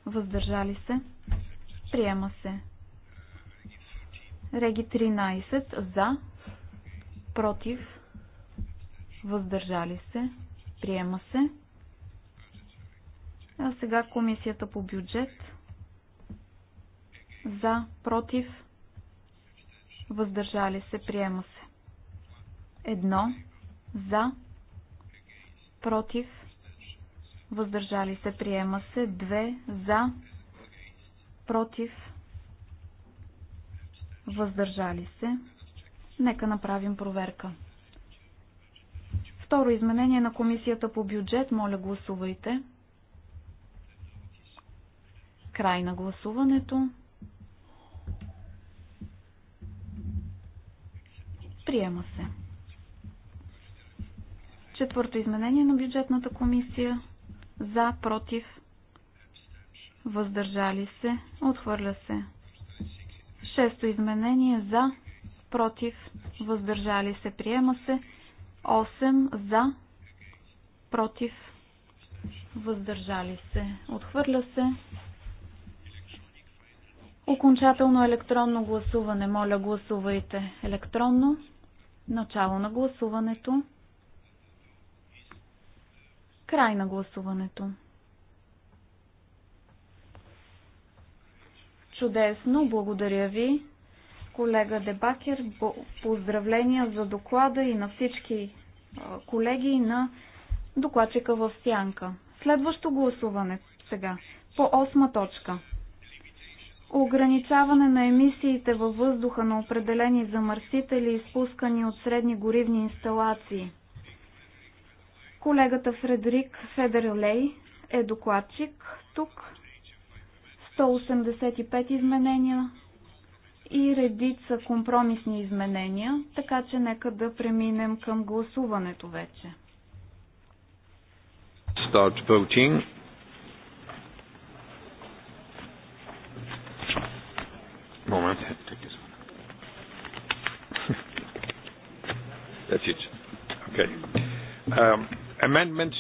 D: въздържали се, приема се. Реги 13 за, против, въздържали се, приема се. А сега комисията по бюджет за, против, въздържали се, приема се. Едно за, против, въздържали се, приема се. Две. за, против, въздържали се. Нека направим проверка. Второ изменение на комисията по бюджет. Моля, гласувайте. Край на гласуването. Приема се. Четвърто изменение на бюджетната комисия за, против, въздържали се, отхвърля се. Шесто изменение за, против, въздържали се, приема се. 8 за, против, въздържали се, отхвърля се. Окончателно електронно гласуване. Моля, гласувайте електронно. Начало на гласуването. Край на гласуването. Чудесно, благодаря ви. Колега Дебакер, поздравления за доклада и на всички колеги и на докладчика в сянка. Следващо гласуване сега. По осма точка. Ограничаване на емисиите във въздуха на определени замърсители, изпускани от средни горивни инсталации. Колегата Фредерик Федерлей е докладчик тук. 185 изменения и редица компромисни изменения, така че нека да преминем към гласуването вече.
A: Start voting. Moment, take this one. That's it. Okay. Um, Amendment.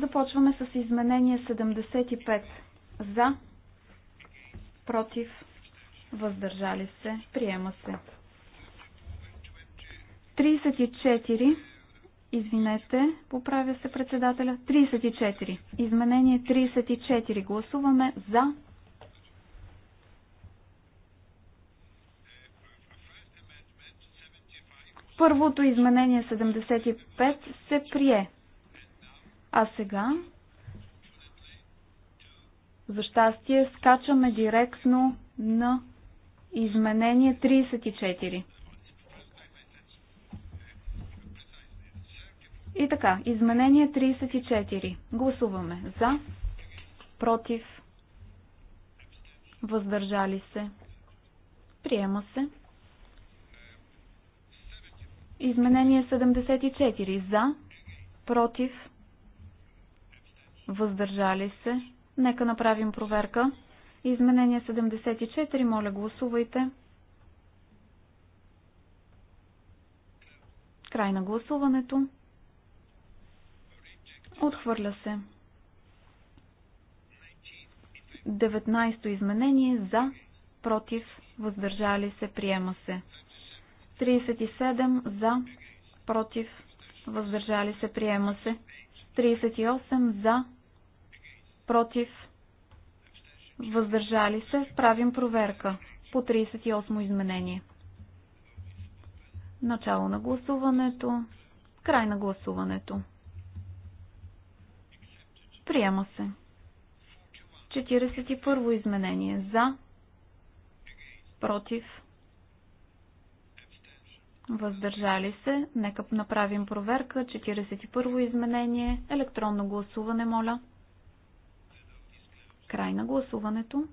D: Започваме с изменение 75. За, против, въздържали се, приема се. 34. Извинете, поправя се председателя. 34. Изменение 34. Гласуваме за, Първото изменение 75 се прие. А сега, за щастие, скачаме директно на изменение 34. И така, изменение 34. Гласуваме за, против, въздържали се, приема се. Изменение 74. За, против, въздържали се. Нека направим проверка. Изменение 74. Моля, гласувайте. Край на гласуването. Отхвърля се. 19-то изменение за, против, въздържали се, приема се. 37 за, против, въздържали се, приема се. 38 за, против, въздържали се, правим проверка по 38 изменение. Начало на гласуването, край на гласуването. Приема се. 41 изменение за, против, въздържали се. Нека направим проверка. 41-во изменение. Електронно гласуване, моля. Край на гласуването.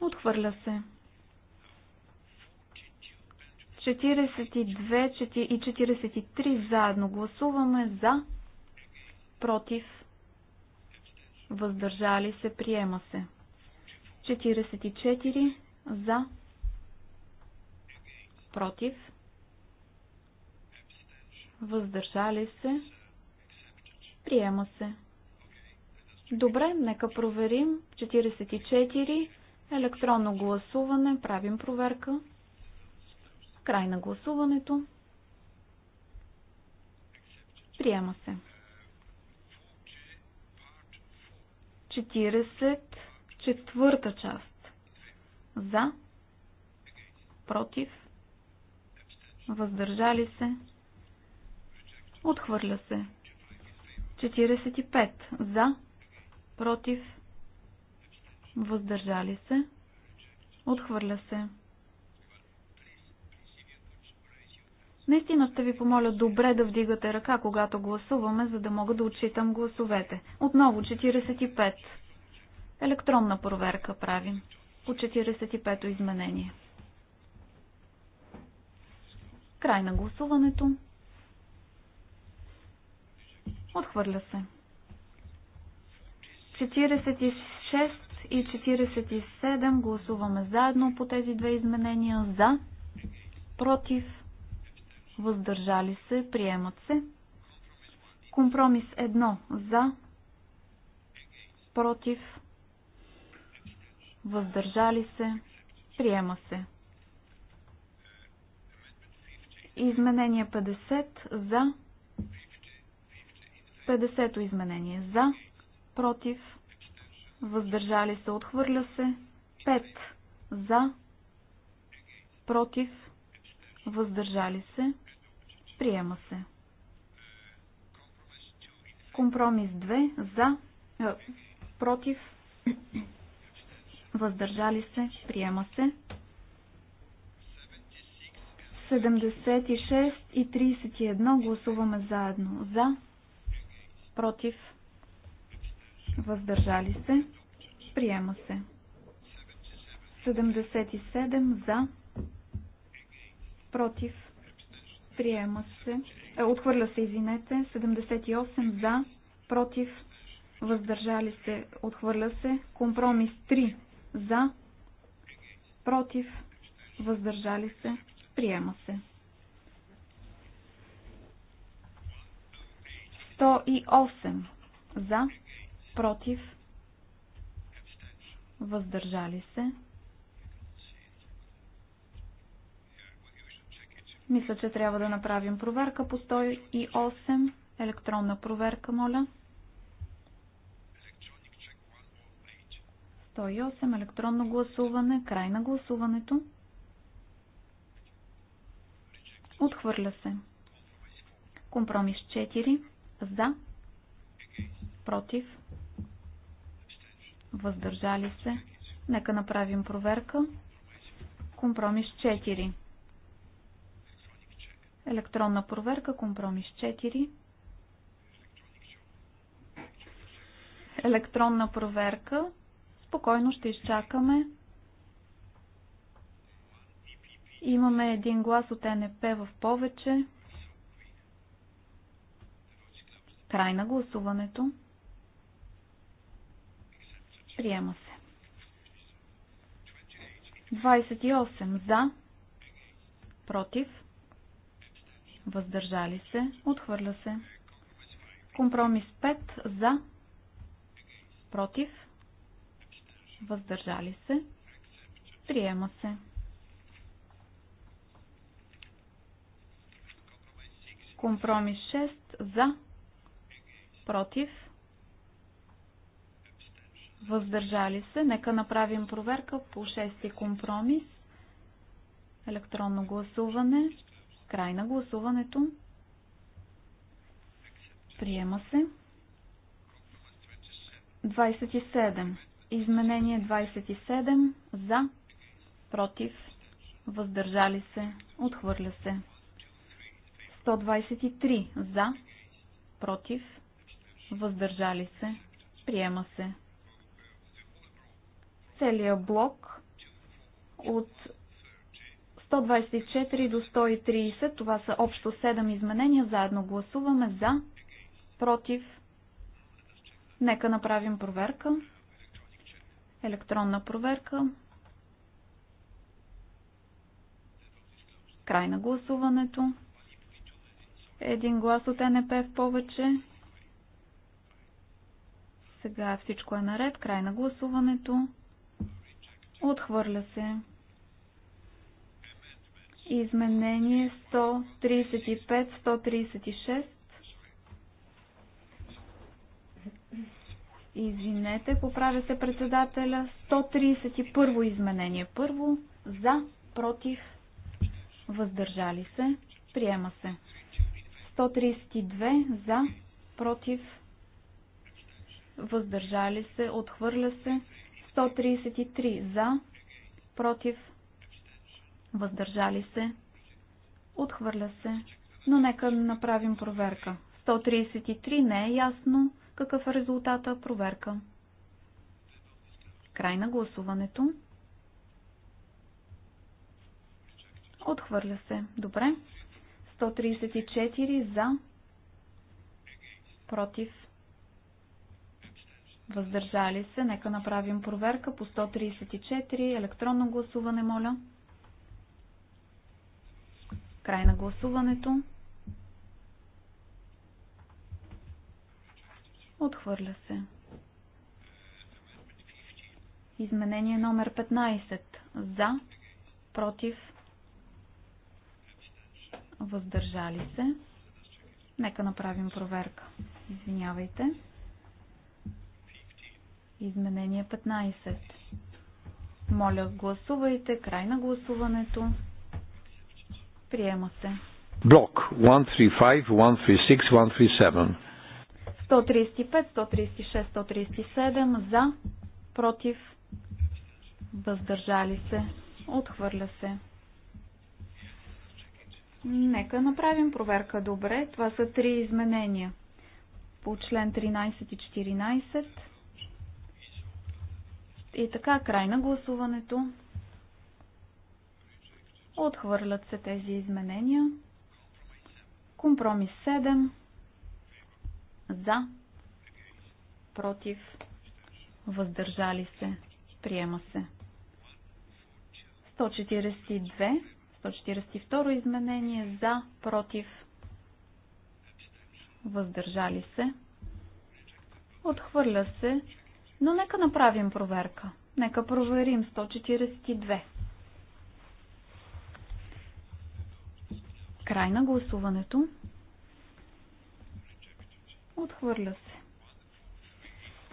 D: Отхвърля се. 42 и 43 заедно гласуваме за, против, въздържали се, приема се. 44 за, против, въздържали се, приема се. Добре, нека проверим. 44. Електронно гласуване. Правим проверка. Край на гласуването. Приема се. 40. Четвърта част. За. Против въздържали се, отхвърля се. 45 за, против, въздържали се, отхвърля се. Наистина ще ви помоля добре да вдигате ръка, когато гласуваме, за да мога да отчитам гласовете. Отново 45. Електронна проверка правим по 45-то изменение. Край на гласуването. Отхвърля се. 46 и 47 гласуваме заедно по тези две изменения. За, против, въздържали се, приемат се. Компромис 1 за, против, въздържали се, приема се. Изменение 50 за. 50-то изменение за. Против. Въздържали се. Отхвърля се. 5 за. Против. Въздържали се. Приема се. Компромис 2 за. Е, против. Въздържали се. Приема се. 76 и 31 гласуваме заедно. За, против, въздържали се, приема се. 77 за, против, приема се, е, отхвърля се, извинете, 78 за, против, въздържали се, отхвърля се, компромис 3 за, против, въздържали се, Приема се. 108 за, против, въздържали се. Мисля, че трябва да направим проверка по 108. Електронна проверка, моля. 108. Електронно гласуване. Край на гласуването. Отхвърля се. Компромис 4. За. Против. Въздържали се. Нека направим проверка. Компромис 4. Електронна проверка. Компромис 4. Електронна проверка. Спокойно ще изчакаме. Имаме един глас от НП в повече. Край на гласуването. Приема се. 28 за, против, въздържали се, отхвърля се. Компромис 5 за, против, въздържали се, приема се. Компромис 6 за, против, въздържали се. Нека направим проверка по 6 компромис. Електронно гласуване. Край на гласуването. Приема се. 27. Изменение 27. За. Против. Въздържали се. Отхвърля се. 123 за, против, въздържали се, приема се. Целият блок от 124 до 130, това са общо 7 изменения, заедно гласуваме за, против. Нека направим проверка. Електронна проверка. Край на гласуването. Един глас от НП в повече. Сега всичко е наред. Край на гласуването. Отхвърля се. Изменение 135-136. Извинете, поправя се председателя. 131 изменение първо. За, против, въздържали се. Приема се. 132 за, против, въздържали се, отхвърля се. 133 за, против, въздържали се, отхвърля се. Но нека направим проверка. 133 не е ясно какъв е резултата проверка. Край на гласуването. Отхвърля се. Добре. 134 за, против, въздържали се. Нека направим проверка по 134. Електронно гласуване, моля. Край на гласуването. Отхвърля се. Изменение номер 15. За, против, въздържали се. Нека направим проверка. Извинявайте. Изменение 15. Моля, гласувайте. Край на гласуването. Приема се.
A: Блок 135, 136, 137.
D: 135, 136, 137 за, против, въздържали се, отхвърля се. Нека направим проверка. Добре, това са три изменения. По член 13 и 14. И така, край на гласуването. Отхвърлят се тези изменения. Компромис 7. За. Против. Въздържали се. Приема се. 142 142 изменение за, против, въздържали се, отхвърля се, но нека направим проверка. Нека проверим 142. Край на гласуването. Отхвърля се.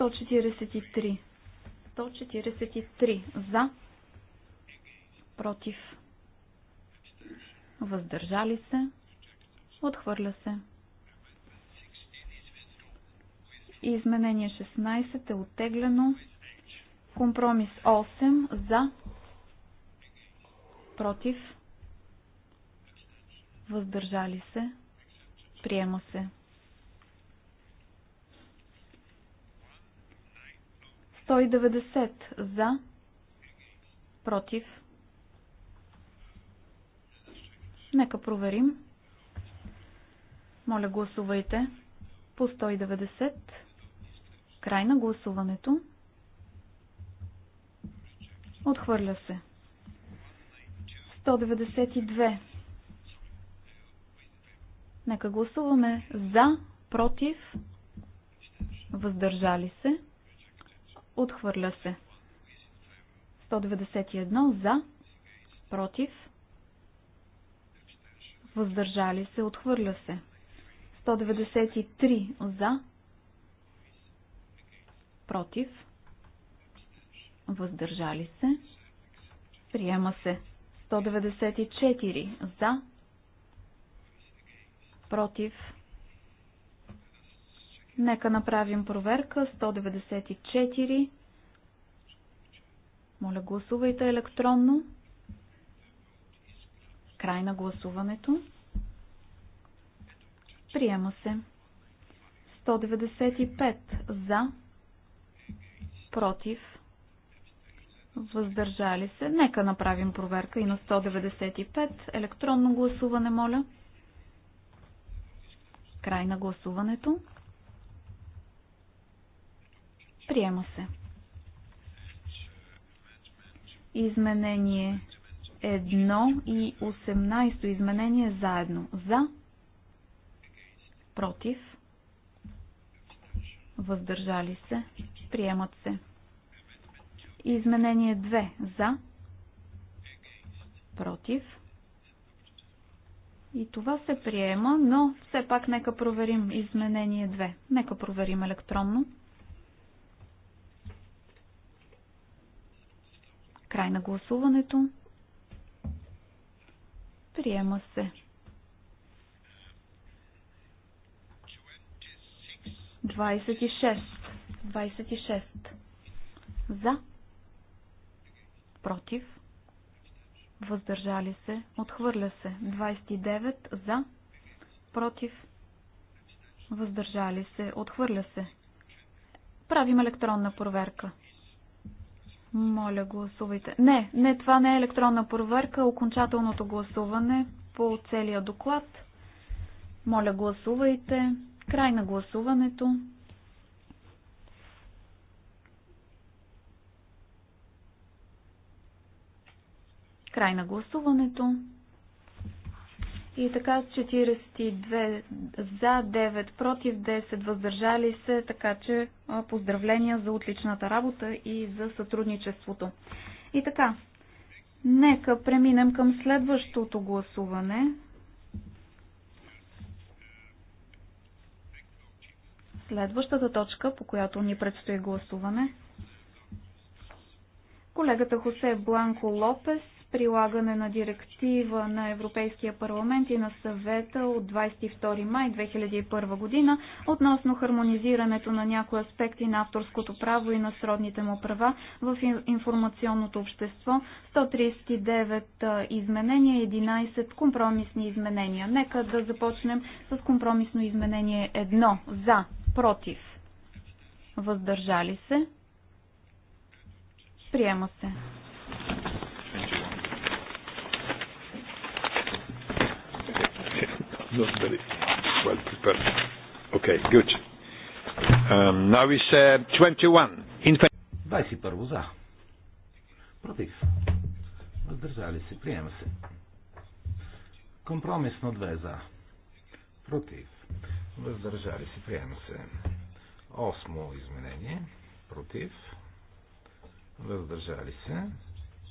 D: 143. 143 за, против, въздържали се, отхвърля се. Изменение 16 е оттеглено. Компромис 8 за, против, въздържали се, приема се. 190 за, против, Нека проверим. Моля, гласувайте по 190. Край на гласуването. Отхвърля се. 192. Нека гласуваме за, против, въздържали се. Отхвърля се. 191 за, против, въздържали се, отхвърля се. 193 за, против, въздържали се, приема се. 194 за, против. Нека направим проверка. 194. Моля, гласувайте електронно. Край на гласуването. Приема се. 195 за, против, въздържали се. Нека направим проверка и на 195. Електронно гласуване, моля. Край на гласуването. Приема се. Изменение 1 и 18 изменение заедно. За, против, въздържали се, приемат се. Изменение 2 за, против. И това се приема, но все пак нека проверим изменение 2. Нека проверим електронно. Край на гласуването. Приема се. 26. 26. За. Против. Въздържали се. Отхвърля се. 29. За. Против. Въздържали се. Отхвърля се. Правим електронна проверка. Моля, гласувайте. Не, не, това не е електронна проверка. Окончателното гласуване по целия доклад. Моля, гласувайте. Край на гласуването. Край на гласуването. И така 42 за, 9 против, 10 въздържали се, така че поздравления за отличната работа и за сътрудничеството. И така, нека преминем към следващото гласуване. Следващата точка, по която ни предстои гласуване. Колегата Хосе Бланко Лопес прилагане на директива на Европейския парламент и на съвета от 22 май 2001 година относно хармонизирането на някои аспекти на авторското право и на сродните му права в информационното общество, 139 изменения, 11 компромисни изменения. Нека да започнем с компромисно изменение 1 за, против, въздържали се, приема се.
A: not very well prepared. Okay, good. Um, now is uh, 21. In 21 за.
E: Против. Въздържали се. Приема се. Компромисно 2 за. Против. Въздържали се. Приема се. Осмо изменение. Против. Въздържали се.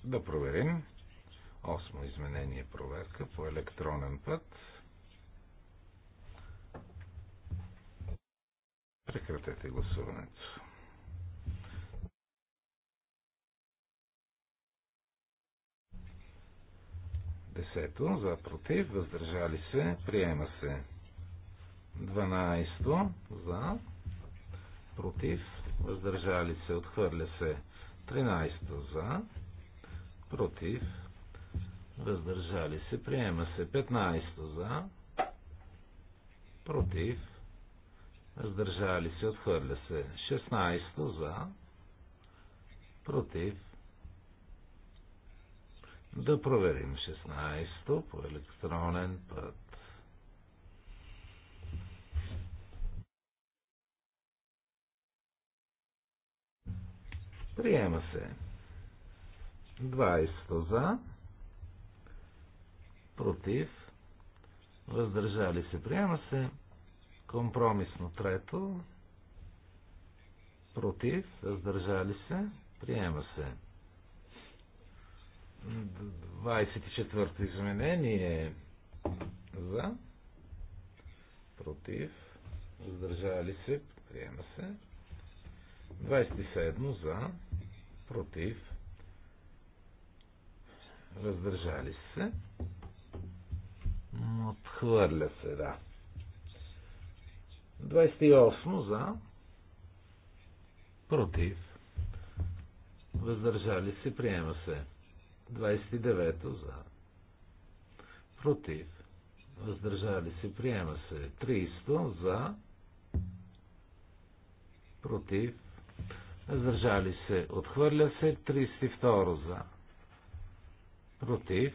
E: Да проверим. Осмо изменение проверка по електронен път.
C: Прекратете гласуването.
E: Десето. За против. Въздържали се. Приема се. Дванайсто. За. Против. Въздържали се. Отхвърля се. Тринайсто. За. Против. Въздържали се. Приема се. Петнайсто. За. Против въздържали се, отхвърля се. 16 за, против. Да проверим 16 по електронен път. Приема се. 20 за, против, въздържали се, приема се. Компромисно трето. Против. Въздържали се. Приема се. 24-то изменение за. Против. Въздържали се. Приема се. 27 за. Против. Въздържали се. Отхвърля се, да. 28 за. Против. Въздържали се. Приема се. 29 за. Против. Въздържали се. Приема се. 300 за. Против. Въздържали се. Отхвърля се. 32 за. Против.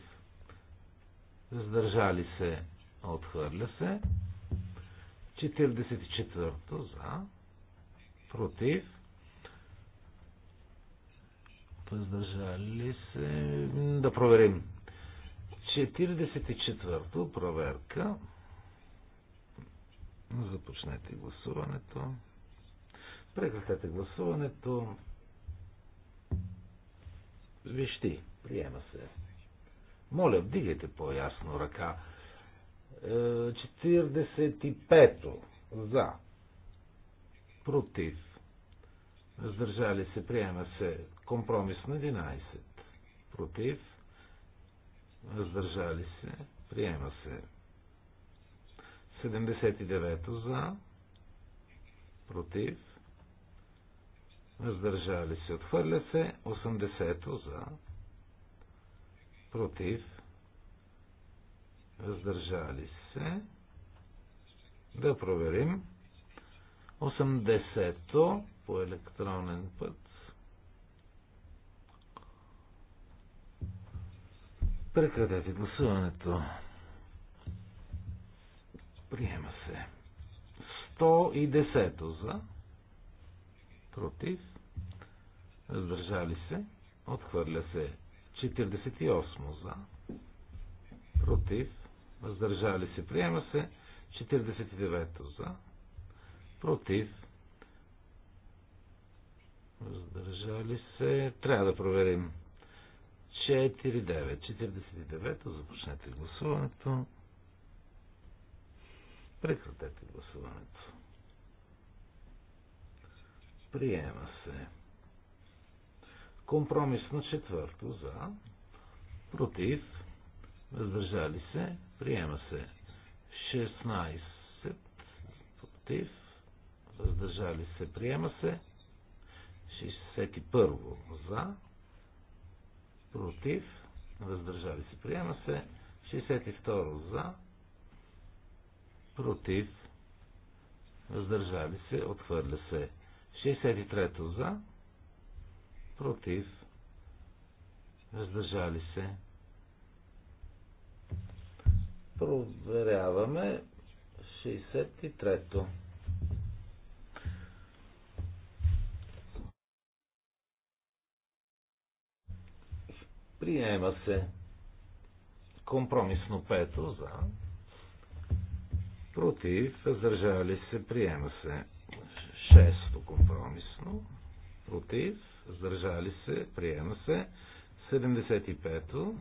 E: Въздържали се. Отхвърля се. 44-то за, против, въздържали се, да проверим. 44-то проверка. Започнете гласуването. Прекратете гласуването. Вижте, приема се. Моля, вдигайте по-ясно ръка. 45 за. Против. Въздържали се. Приема се. Компромис на 11. Против. Въздържали се. Приема се. 79 за. Против. Въздържали се. Отхвърля се. 80 за. Против въздържали се. Да проверим. 80-то по електронен път. Прекратете гласуването. Приема се. 110 за. Против. Въздържали се. Отхвърля се. 48 за. Против въздържали се, приема се. 49-то за, против, въздържали се, трябва да проверим. 49, 49-то, започнете гласуването. Прекратете гласуването. Приема се. Компромисно четвърто за, против, въздържали се, Приема се. 16 против. Въздържали се. Приема се. 61 за. Против. Въздържали се. Приема се. 62 за. Против. Въздържали се. Отхвърля се. 63 за. Против. Въздържали се. Проверяваме 63-то. Приема се компромисно пето за против, въздържали се, приема се шесто компромисно против, въздържали се, приема се 75-то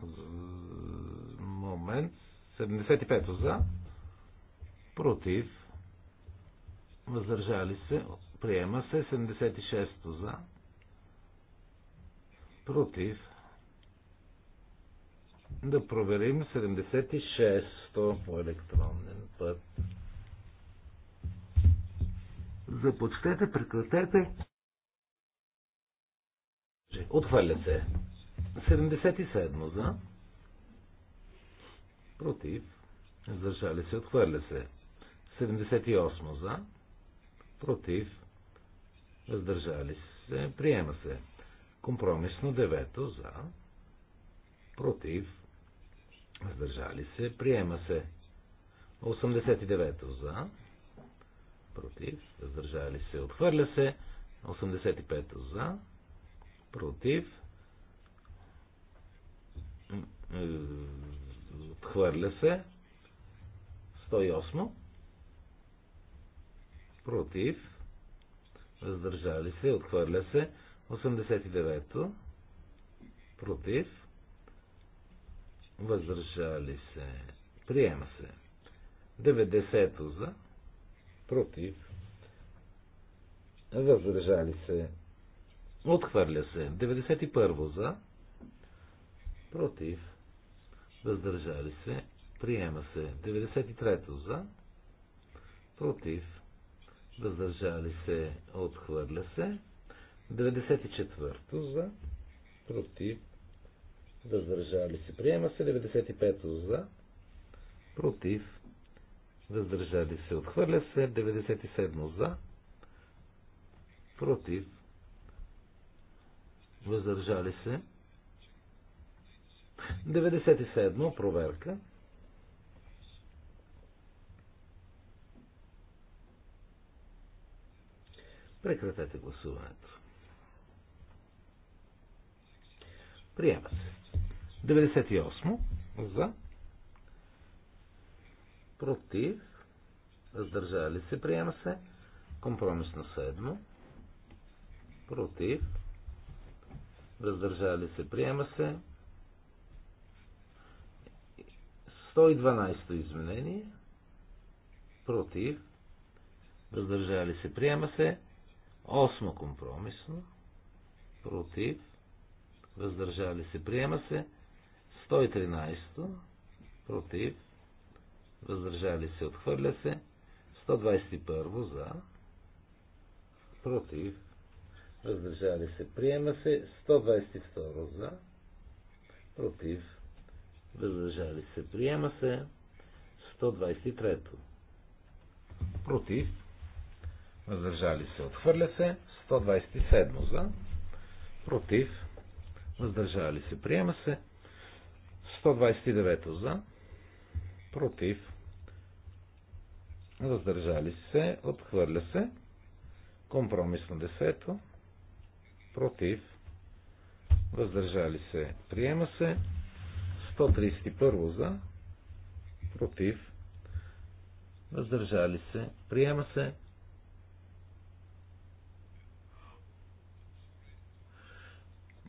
E: момент 75 за, против, въздържали се, приема се 76 за, против, да проверим 76-то по електронен път. Започтете, прекратете. Отхвърля се. 77 за против, въздържали се, отхвърля се. 78 за, против, въздържали се, приема се. Компромисно 9 за, против, въздържали се, приема се. 89 за, против, въздържали се, отхвърля се. 85 за, против, Отхвърля се. 108. Против. Въздържали се. Отхвърля се. 89. Против. Въздържали се. Приема се. 90 за. Против. Въздържали се. Отхвърля се. 91 за. Против въздържали се, приема се. 93-то за, против, въздържали се, отхвърля се. 94-то за, против, въздържали се, приема се. 95-то за, против, въздържали се, отхвърля се. 97-то за, против, въздържали се, 97. Проверка. Прекратете гласуването. Приема се. 98. За. Против. Въздържали се. Приема се. Компромисно 7. Против. Въздържали се. Приема се. 112 изменение. Против. Въздържали се. Приема се. Осмо компромисно. Против. Въздържали се. Приема се. 113. Против. Въздържали се. Отхвърля се. 121 за. Против. Въздържали се. Приема се. 122 за. Против въздържали се, приема се. 123. Против, въздържали се, отхвърля се. 127 за, против, въздържали се, приема се. 129 за, против, въздържали се, отхвърля се. Компромис на 10. Против, въздържали се, приема се. 131 за, против, въздържали се, приема се.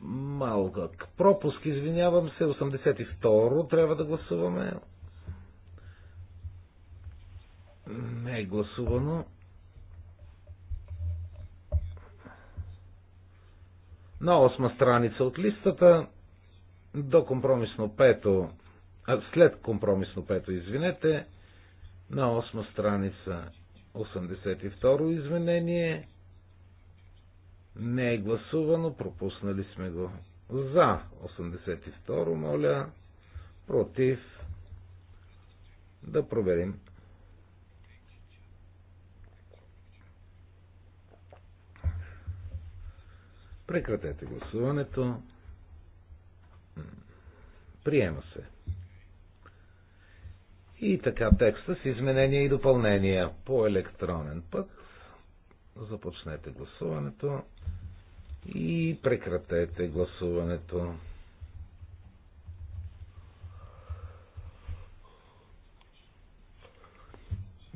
E: Малък пропуск, извинявам се, 82 трябва да гласуваме. Не е гласувано. На осма страница от листата до компромисно пето, а след компромисно пето, извинете, на 8 страница 82 изменение. Не е гласувано, пропуснали сме го. За 82, моля. Против. Да проверим. Прекратете гласуването. Приема се. И така текста с изменения и допълнения по електронен път. Започнете гласуването и прекратете гласуването.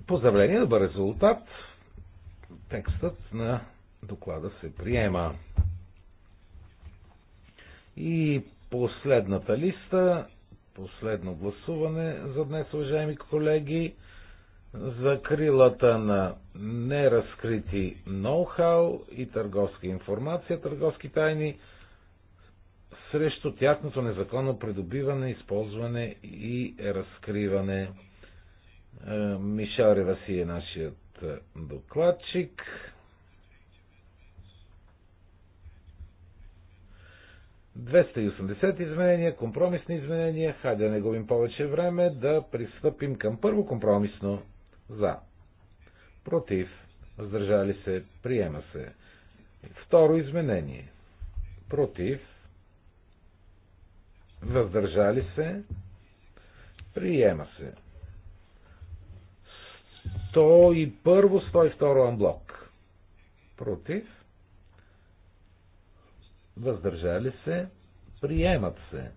E: Поздравление, добър резултат. Текстът на доклада се приема. И последната листа, последно гласуване за днес, уважаеми колеги. за крилата на неразкрити ноу-хау и търговска информация, търговски тайни срещу тяхното незаконно придобиване, използване и разкриване. Е, Мишари Васи е нашият докладчик. 280 изменения, компромисни изменения. Хайде да не губим повече време да пристъпим към първо компромисно за. Против. Въздържали се. Приема се. Второ изменение. Против. Въздържали се. Приема се. 101-102 амблок. Против въздържали се, приемат се.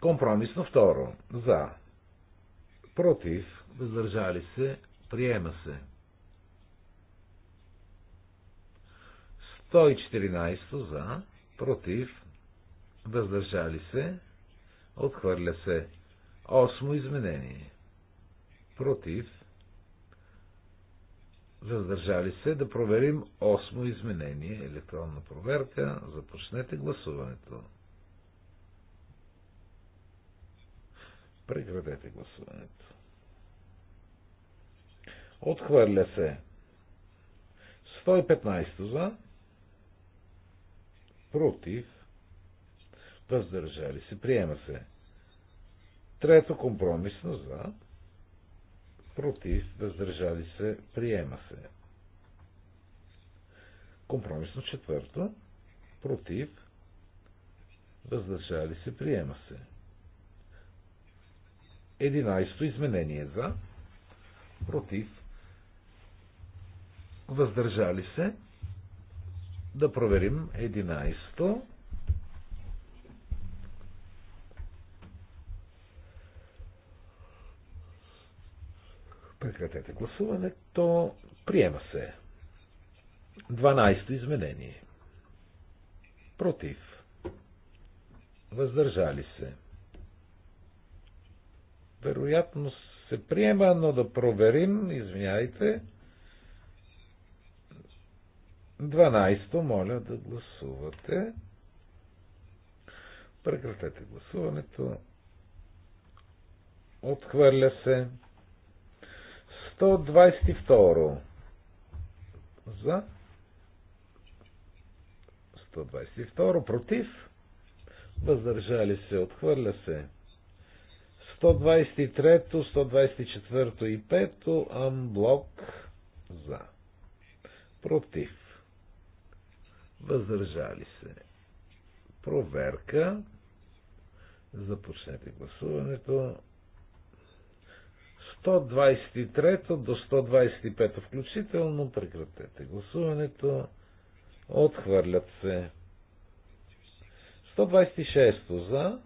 E: Компромисно второ. За. Против. Въздържали се. Приема се. 114 за. Против. Въздържали се. Отхвърля се. Осмо изменение. Против въздържали се да проверим осмо изменение, електронна проверка. Започнете гласуването. Прекратете гласуването. Отхвърля се. 115 за. Против. Въздържали се. Приема се. Трето компромисно за против, въздържали се, приема се. Компромисно четвърто, против, въздържали се, приема се. Единайсто изменение за, против, въздържали се, да проверим единайсто. Прекратете гласуването. Приема се. 12 изменение. Против. Въздържали се. Вероятно се приема, но да проверим, извиняйте. 12 моля да гласувате. Прекратете гласуването. Отхвърля се. 122 за 122 против въздържали се, отхвърля се 123, 124 и 5 амблок за против въздържали се проверка започнете гласуването 123 до 125 включително. Прекратете гласуването. Отхвърлят се. 126 за.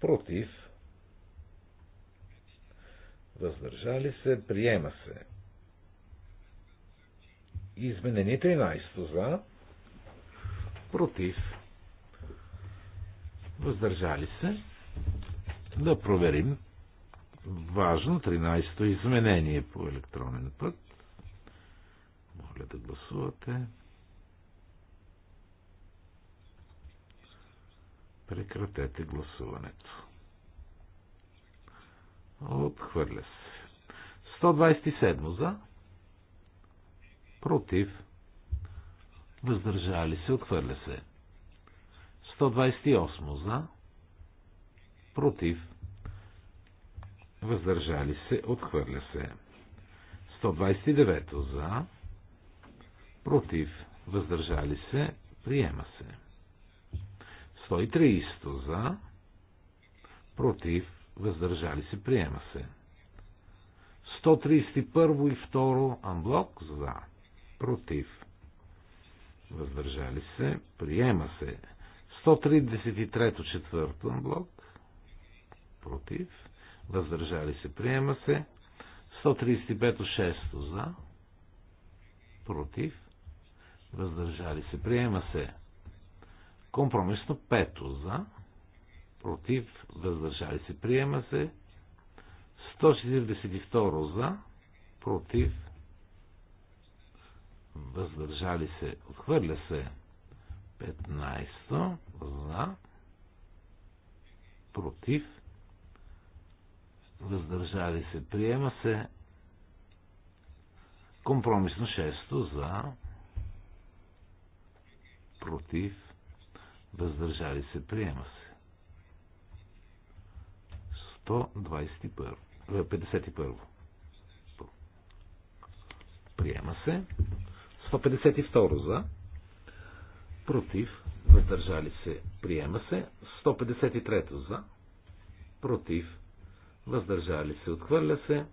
E: Против. Въздържали се. Приема се. Изменени 13 за. Против. Въздържали се да проверим. Важно, 13-то изменение по електронен път. Моля да гласувате. Прекратете гласуването. Отхвърля се. 127 за. Против. Въздържали се. Отхвърля се. 128 за. Против въздържали се, отхвърля се. 129 за, против, въздържали се, приема се. 130 за, против, въздържали се, приема се. 131 и 2 амблок за, против, въздържали се, приема се. 133 четвърто анблок, против, въздържали се, приема се. 135-6 за, против, въздържали се, приема се. Компромисно 5 за, против, въздържали се, приема се. 142 за, против, въздържали се, отхвърля се. 15 за, против, въздържали се, приема се. Компромисно 6 за, против, въздържали се, приема се. 121. 51. Е, приема се. 152 за. Против. Въздържали се. Приема се. 153 за. Против въздържали се, отхвърля се.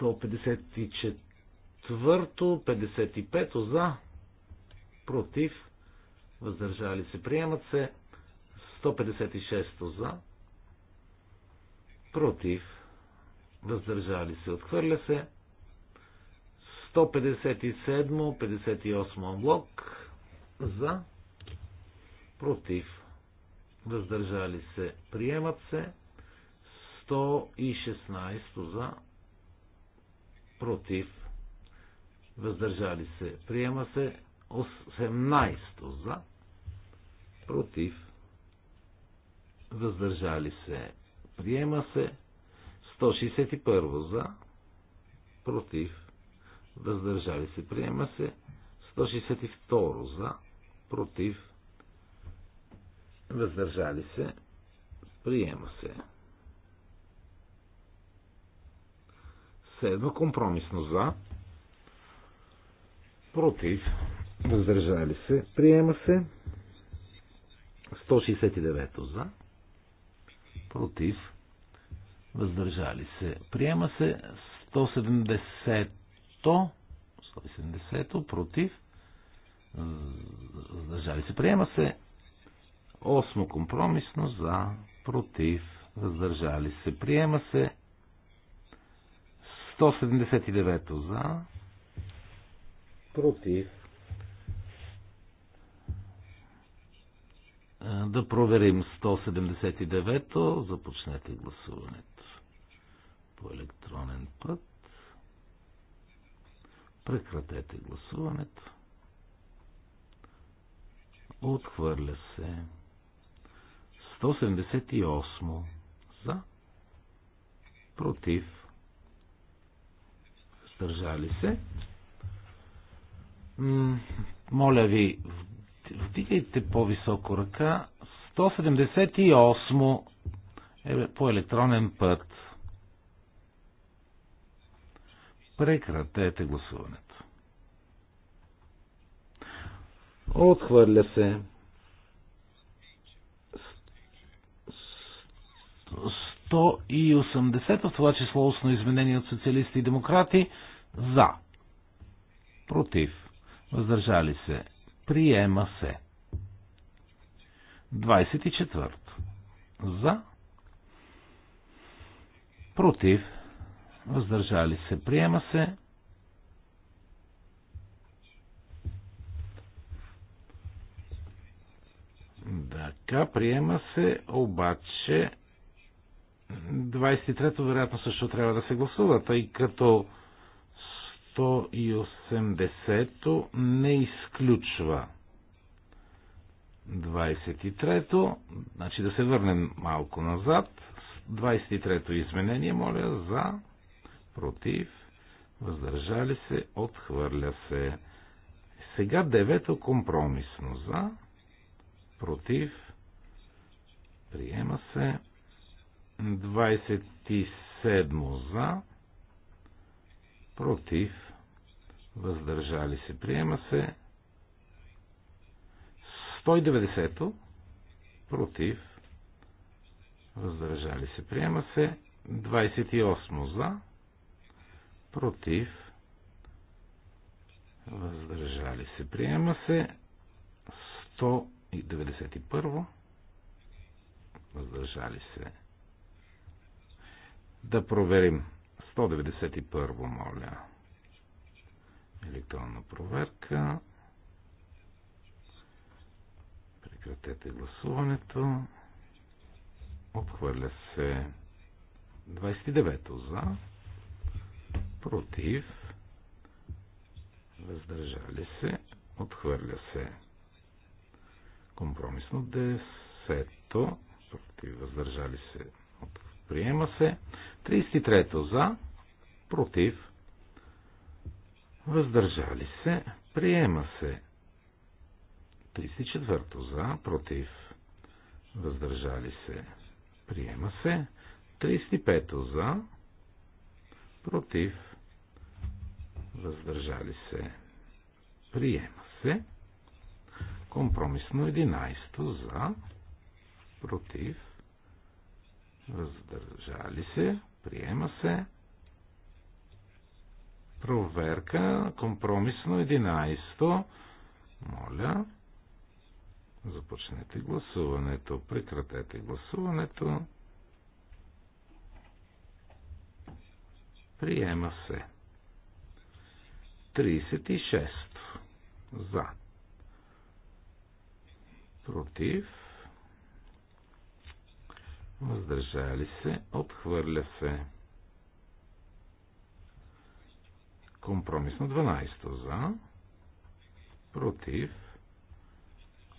E: 154, 55 за, против, въздържали се, приемат се. 156 за, против, въздържали се, отхвърля се. 157-58 блок за, против, въздържали се, приемат се. 116 за, против, въздържали се, приема се. 18 за, против, въздържали се, приема се. 161 за, против, въздържали се, приема се. 162 за, против, Въздържали се. Приема се. Следва компромисно за. Против. Въздържали се. Приема се. 169 за. Против. Въздържали се. Приема се 170 170 против. Въздържали се. Приема се Осмо компромисно за, против, въздържали се. Приема се 179 за, против. Е, да проверим 179-то. Започнете гласуването по електронен път. Прекратете гласуването. Отхвърля се. 178 за, против, въздържали се. моля ви, вдигайте по-високо ръка. 178 е по електронен път. Прекратете гласуването. Отхвърля се. 180, в това число устно изменение от социалисти и демократи, за, против, въздържали се, приема се. 24. За, против, въздържали се, приема се. Така, приема се, обаче 23-то вероятно също трябва да се гласува, тъй като 180-то не изключва 23-то, значи да се върнем малко назад. 23-то изменение, моля, за, против, въздържали се, отхвърля се. Сега 9-то компромисно за, против, приема се. 27 за, против, въздържали се, приема се. 190 против, въздържали се, приема се. 28 за, против, въздържали се, приема се. 191 въздържали се, да проверим. 191 моля. Електронна проверка. Прекратете гласуването. Обхвърля се 29-то за, против, въздържали се, отхвърля се. Компромисно 10-то, против, въздържали се, Приема се. 33-то за. Против. Въздържали се. Приема се. 34-то за. Против. Въздържали се. Приема се. 35-то за. Против. Въздържали се. Приема се. Компромисно 11 за. Против въздържали се, приема се. Проверка, компромисно 11. Моля, започнете гласуването, прекратете гласуването. Приема се. 36. За. Против въздържали се, отхвърля се. Компромисно 12 за, против,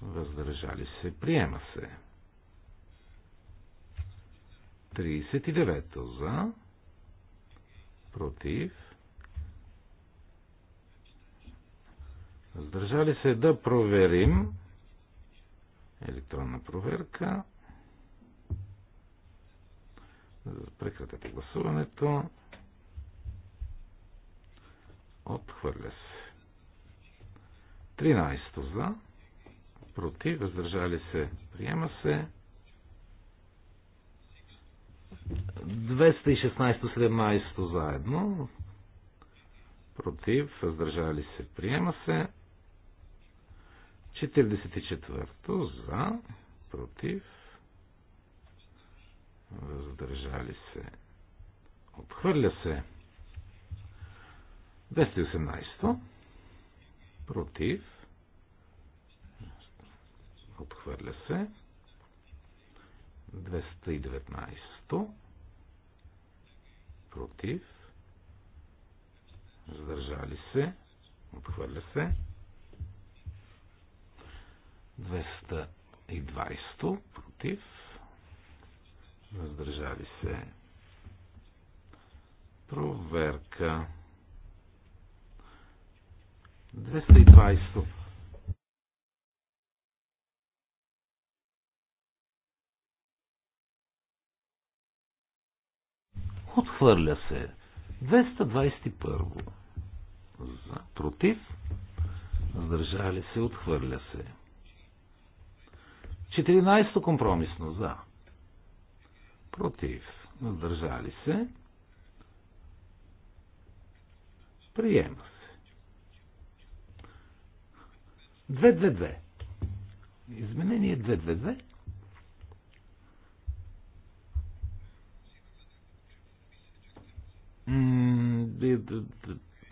E: въздържали се, приема се. 39 за, против, въздържали се да проверим електронна проверка Прекратете гласуването. Отхвърля се. 13 за. Против. Въздържали се. Приема се. 216-17 заедно. Против. Въздържали се. Приема се. 44 за. Против въздържали се, отхвърля се. 218 против, отхвърля се. 219 против, въздържали се, отхвърля се. 220 против, въздържали се. Проверка. 220. Отхвърля се. 221. За. Против. Въздържали се. Отхвърля се. 14 компромисно. За против, въздържали се, приема се. Две две. Изменение две.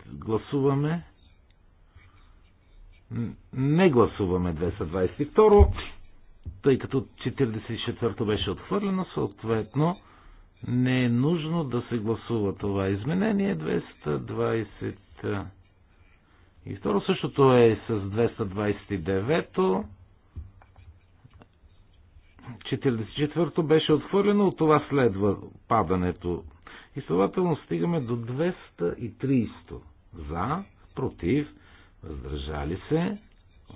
E: Гласуваме. Не гласуваме 222 тъй като 44-то беше отхвърлено, съответно не е нужно да се гласува това изменение. 220 и второ същото е с 229-то. 44-то беше отхвърлено, от това следва падането. И следователно стигаме до 230 за, против, въздържали се,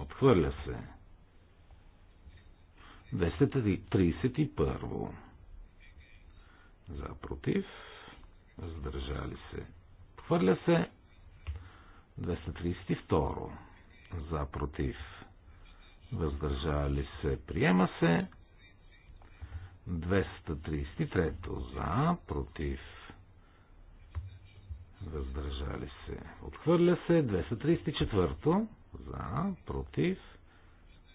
E: отхвърля се. 231. За против. Въздържали се. Хвърля се. 232. За против. Въздържали се. Приема се. 233. За против. Въздържали се. Отхвърля се. 234. За против.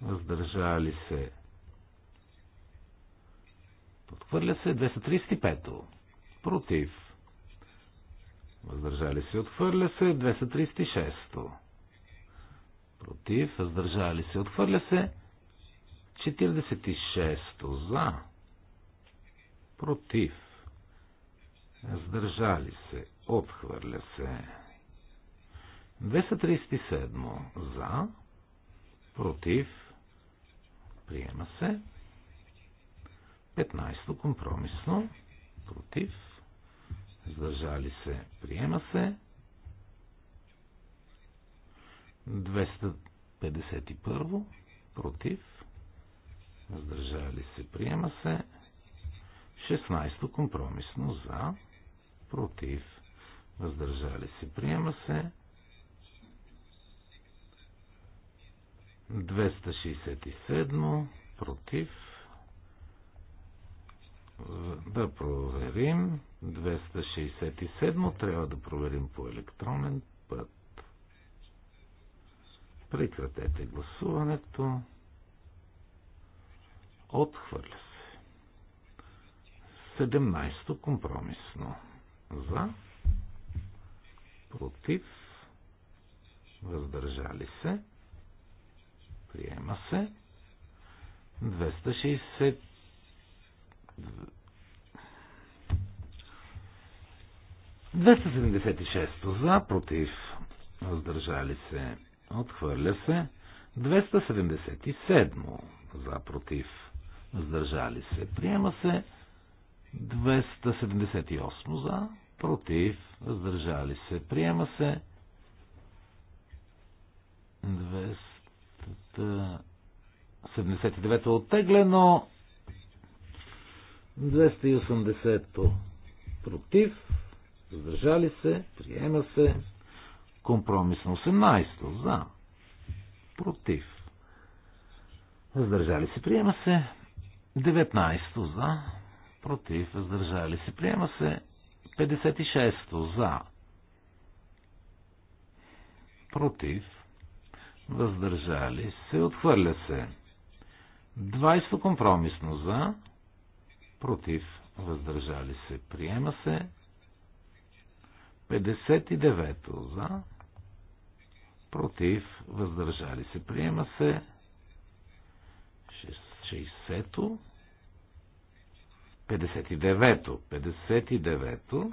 E: Въздържали се. Отхвърля се 235-то. Против. Въздържали се. Отхвърля се 236-то. Против. Въздържали се. Отхвърля се 46-то. За. Против. Въздържали се. Отхвърля се. 237 за. Против. Приема се. 15 компромисно. Против. Въздържали се. Приема се. 251. Против. Въздържали се. Приема се. 16 компромисно. За. Против. Въздържали се. Приема се. 267. Против да проверим. 267 трябва да проверим по електронен път. Прекратете гласуването. Отхвърля се. 17 компромисно. За. Против. Въздържали се. Приема се. 260 276 за, против, въздържали се, отхвърля се. 277 за, против, въздържали се, приема се. 278 за, против, въздържали се, приема се. 279 е оттеглено, 280 против, задържали се, приема се. Компромис на 18 за, против, задържали се, приема се. 19 за, против, въздържали се, приема се. 56 за, против, въздържали се, отхвърля се. 20 компромисно за, против, въздържали се, приема се. 59-то за, против, въздържали се, приема се. 60-то, 59-то, 59-то.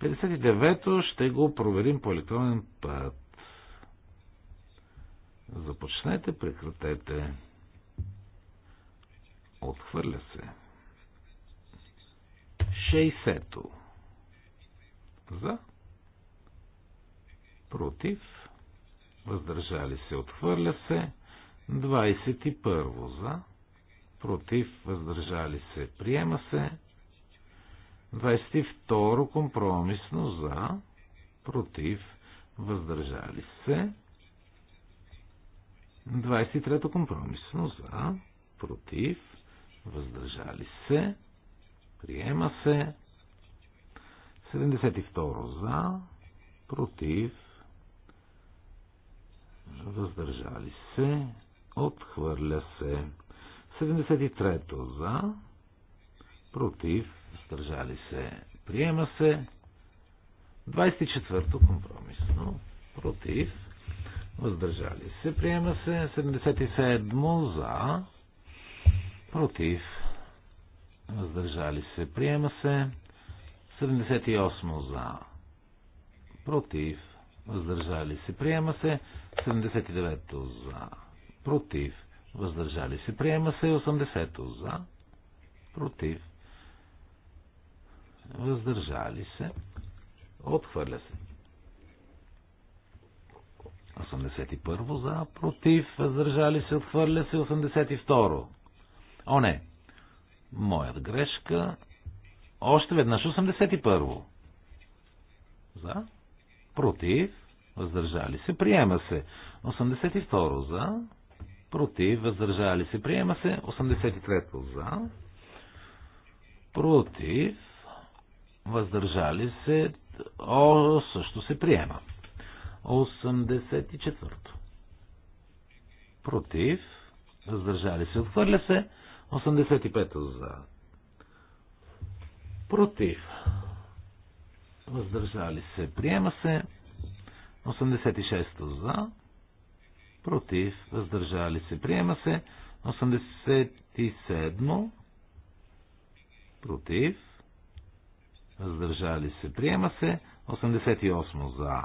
E: 59-то ще го проверим по електронен път. Започнете, прекратете. Отхвърля се. 60 За. Против. Въздържали се. Отхвърля се. 21 за. Против. Въздържали се. Приема се. 22 компромисно за. Против. Въздържали се. 23 компромисно за. Против въздържали се, приема се. 72 за, против, въздържали се, отхвърля се. 73 за, против, въздържали се, приема се. 24-то компромисно, против, въздържали се, приема се. 77 за, против, въздържали се, приема се. 78 за, против, въздържали се, приема се. 79 за, против, въздържали се, приема се. 80 за, против, въздържали се, отхвърля се. 81 за, против, въздържали се, отхвърля се, 82 О, не. Моят грешка. Още веднъж 81-во. За. Против. Въздържали се. Приема се. 82-ро. За. Против. Въздържали се. Приема се. 83-то. За. Против. Въздържали се. О, също се приема. 84-то. Против. Въздържали се. Отхвърля се. 85 за. Против. Въздържали се. Приема се. 86 за. Против. Въздържали се. Приема се. 87 против, въздържали се, приема се, 88 за,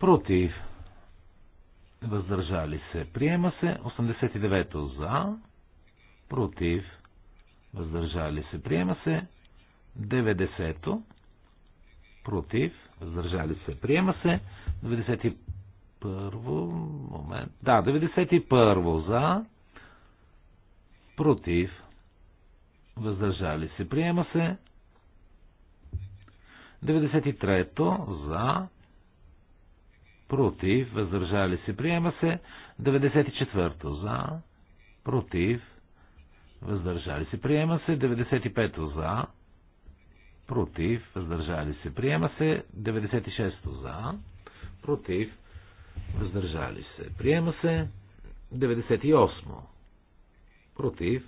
E: против, въздържали се, приема се, 89 за, против, въздържали се, приема се. 90-то, против, въздържали се, приема се. 91-во, момент, да, 91-во за, против, въздържали се, приема се. 93-то за, против, въздържали се, приема се. 94-то за, против, въздържали се, приема се 95-то за, против, въздържали се, приема се 96-то за, против, въздържали се, приема се 98-то, против,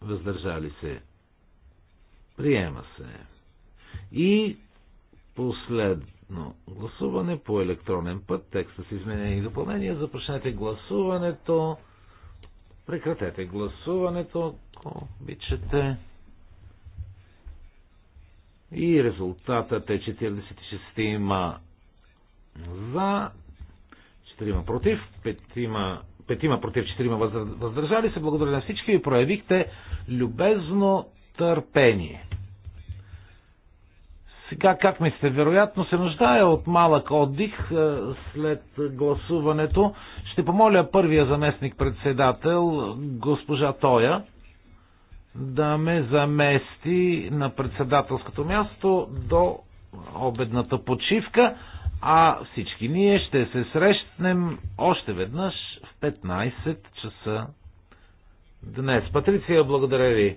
E: въздържали се, приема се. И последно гласуване по електронен път, текста с изменение и допълнение, започнете гласуването. Прекратете гласуването, ако обичате. И резултатът е 46 има за, 4 против, 5 петима против четирима въздържали се. Благодаря на всички и проявихте любезно търпение. Сега, как мислите, вероятно се нуждае от малък отдих е, след гласуването. Ще помоля първия заместник председател, госпожа Тоя, да ме замести на председателското място до обедната почивка, а всички ние ще се срещнем още веднъж в 15 часа днес. Патриция, благодаря ви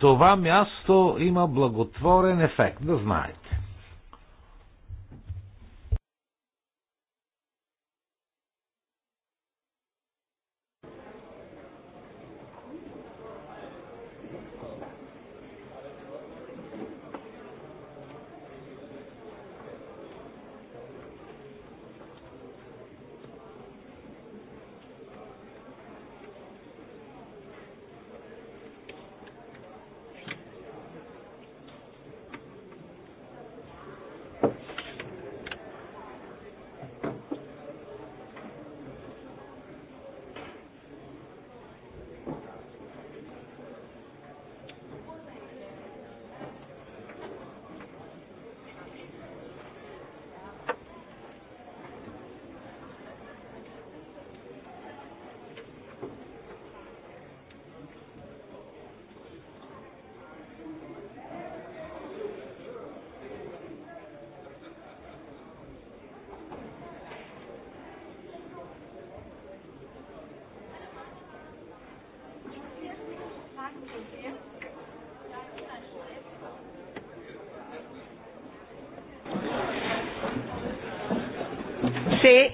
E: това място има благотворен ефект, да знаете.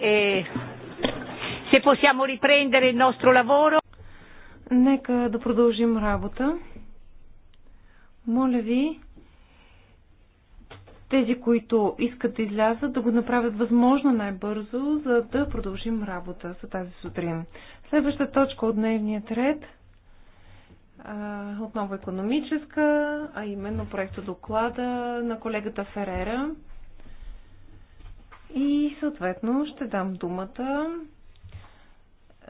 B: e е, se possiamo riprendere il nostro lavoro. Нека да продължим работа. Моля ви, тези, които искат да излязат, да го направят възможно най-бързо, за да продължим работа за тази сутрин. Следваща точка от дневният ред отново економическа, а именно проекта доклада на колегата Ферера. И съответно ще дам думата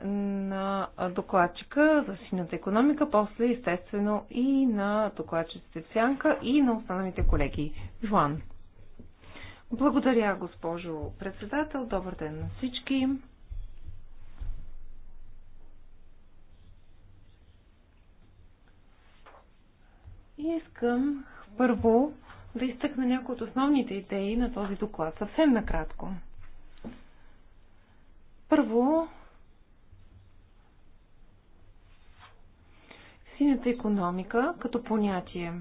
B: на докладчика за синята економика, после естествено и на докладчиците в сянка и на останалите колеги. Жуан. Благодаря, госпожо председател. Добър ден на всички. И искам първо да изтъкна някои от основните идеи на този доклад, съвсем накратко. Първо, синята економика като понятие.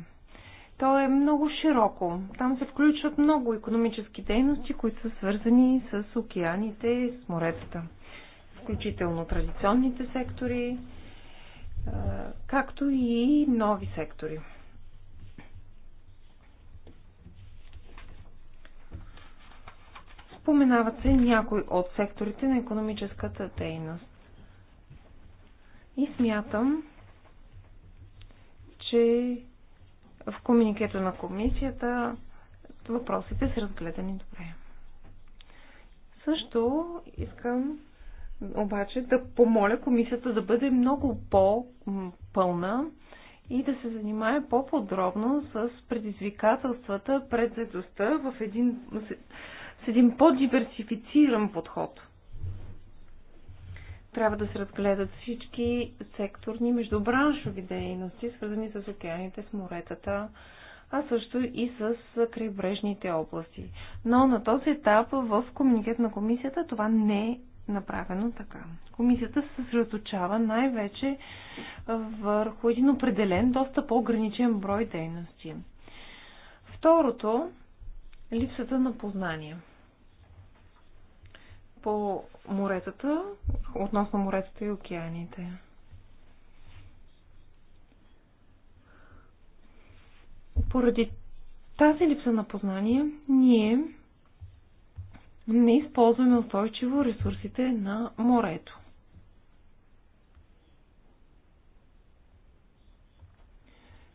B: То е много широко. Там се включват много економически дейности, които са свързани с океаните и с моретата. Включително традиционните сектори, както и нови сектори. Споменават се някои от секторите на економическата дейност. И смятам, че в комуникето на комисията въпросите са разгледани добре. Също искам обаче да помоля комисията да бъде много
C: по-пълна
B: и да се занимае по-подробно с предизвикателствата пред заедостта в един с един по-диверсифициран подход. Трябва да се разгледат всички секторни междубраншови дейности, свързани с океаните, с моретата, а също и с крайбрежните области. Но на този етап в комуникет на комисията това не е направено така. Комисията се съсредоточава най-вече върху един определен, доста по-ограничен брой дейности. Второто липсата на познания по моретата, относно моретата и океаните. Поради тази липса на познание, ние не използваме устойчиво ресурсите на морето.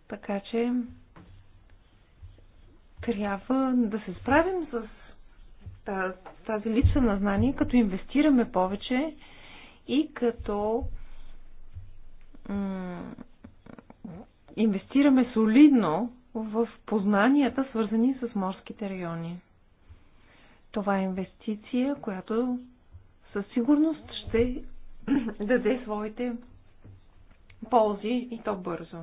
B: Така че трябва да се справим с тази липса на знание, като инвестираме повече и като инвестираме солидно в познанията, свързани с морските райони. Това е инвестиция, която със сигурност ще даде своите ползи и то бързо.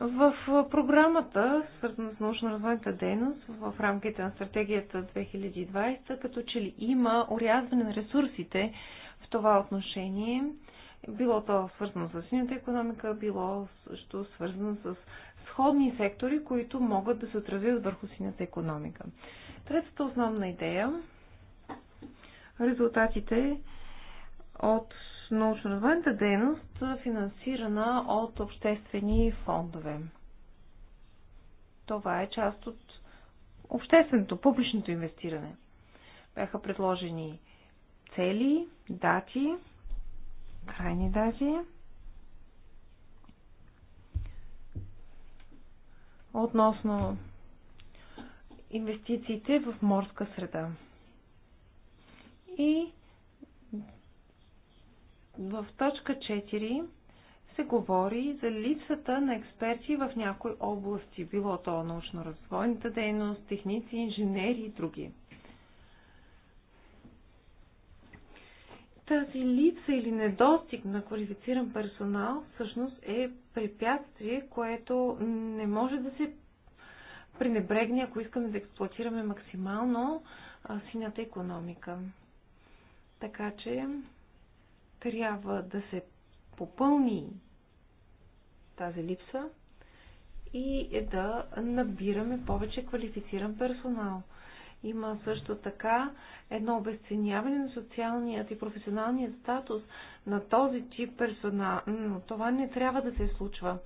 B: В програмата, свързана с научно-развойната дейност, в рамките на стратегията 2020, като че ли има урязване на ресурсите в това отношение, било то свързано с синята економика, било също свързано с сходни сектори, които могат да се отразят върху синята економика. Третата основна идея резултатите от научно-развойната дейност, финансирана от обществени фондове. Това е част от общественото, публичното инвестиране. Бяха предложени цели, дати, крайни дати относно инвестициите в морска среда. И в точка 4 се говори за липсата на експерти в някои области, било то научно-развойната дейност, техници, инженери и други. Тази липса или недостиг на квалифициран персонал всъщност е препятствие, което не може да се пренебрегне, ако искаме да експлуатираме максимално синята економика. Така че трябва да се попълни тази липса и да набираме повече квалифициран персонал. Има също така едно обесценяване на социалният и професионалният статус на този тип персонал. Но това не трябва да се случва.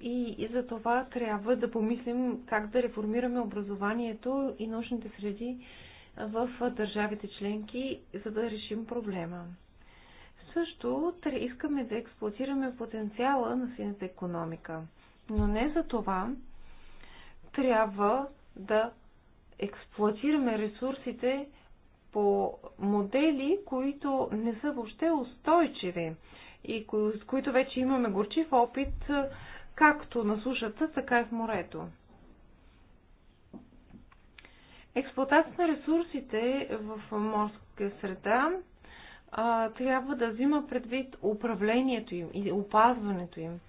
B: И, и за това трябва да помислим как да реформираме образованието и научните среди в държавите членки, за да решим проблема. Също искаме да експлуатираме потенциала на синята економика, но не за това трябва да експлуатираме ресурсите по модели, които не са въобще устойчиви и с които вече имаме горчив опит както на сушата, така и в морето. Експлуатацията на ресурсите в морска среда а, трябва да взима предвид управлението им и опазването им.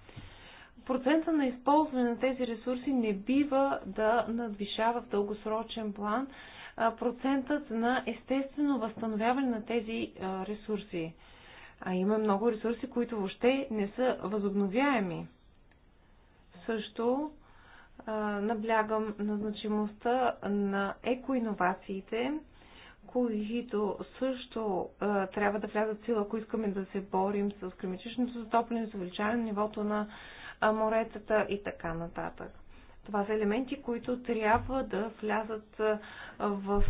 B: Процента на използване на тези ресурси не бива да надвишава в дългосрочен план а, процентът на естествено възстановяване на тези а, ресурси. А има много ресурси, които въобще не са възобновяеми. Също наблягам на значимостта на екоиновациите, които също а, трябва да влязат сила, ако искаме да се борим с климатичното затопляне, с увеличаване на нивото на моретата и така нататък. Това са елементи, които трябва да влязат в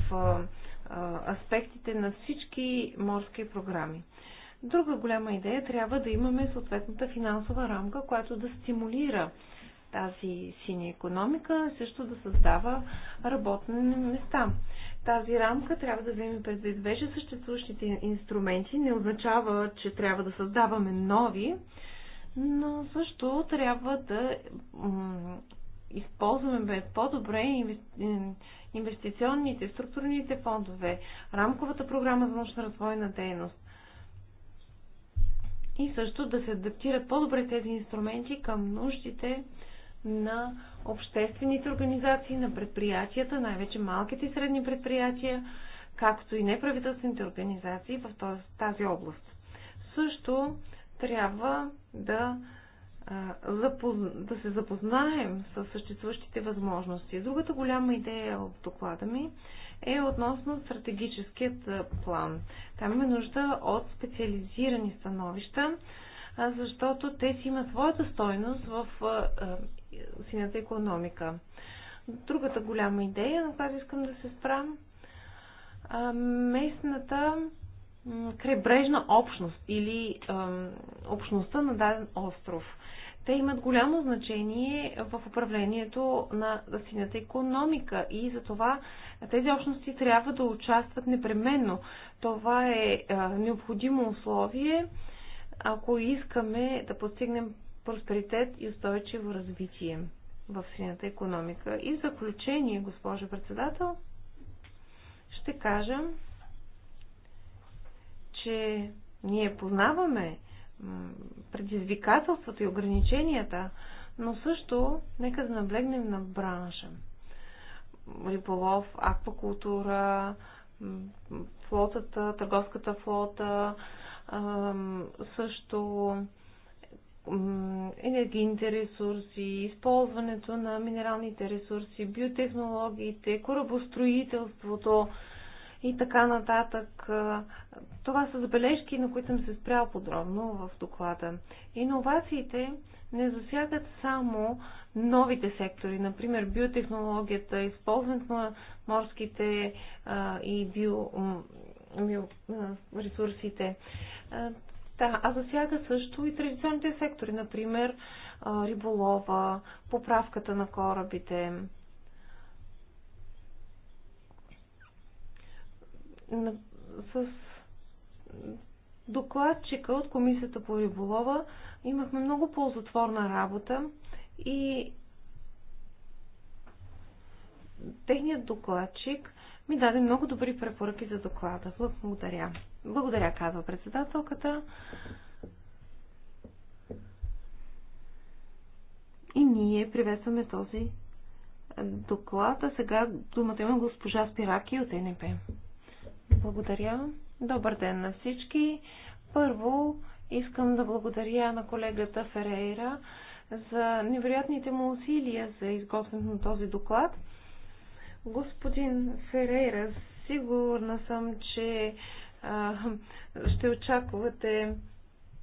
B: аспектите на всички морски програми. Друга голяма идея трябва да имаме съответната финансова рамка, която да стимулира тази синя економика, също да създава работни места. Тази рамка трябва да вземе предвид вече съществуващите инструменти. Не означава, че трябва да създаваме нови, но също трябва да използваме по-добре инвестиционните, структурните фондове, рамковата програма за научна развойна дейност. И също да се адаптират по-добре тези инструменти към нуждите на обществените организации, на предприятията, най-вече малките и средни предприятия, както и неправителствените организации в тази област. Също трябва да, да се запознаем с съществуващите възможности. Другата голяма идея от доклада ми е относно стратегическият план. Там има нужда от специализирани становища, защото те си имат своята стойност в синята економика. Другата голяма идея, на която искам да се спрам, местната крайбрежна общност или общността на даден остров. Те имат голямо значение в управлението на синята економика и затова тези общности трябва да участват непременно. Това е необходимо условие, ако искаме да постигнем просперитет и устойчиво развитие в сината економика. И в заключение, госпожо председател, ще кажа, че ние познаваме предизвикателствата и ограниченията, но също нека да наблегнем на бранша. Риболов, аквакултура, флотата, търговската флота, също енергийните ресурси, използването на минералните ресурси, биотехнологиите, корабостроителството и така нататък. Това са забележки, на които съм се спрял подробно в доклада. Иновациите не засягат само новите сектори, например биотехнологията, използването на морските и биоресурсите. Био, ресурсите. Да, а засяга също и традиционните сектори, например риболова, поправката на корабите. С докладчика от Комисията по риболова имахме много ползотворна работа и техният докладчик ми даде много добри препоръки за доклада. Благодаря. Благодаря, казва председателката. И ние приветстваме този доклад. А сега думата има госпожа Спираки от НП. Благодаря. Добър ден на всички. Първо искам да благодаря на колегата Ферейра за невероятните му усилия за изготвянето на този доклад. Господин Ферейра, сигурна съм, че ще очаквате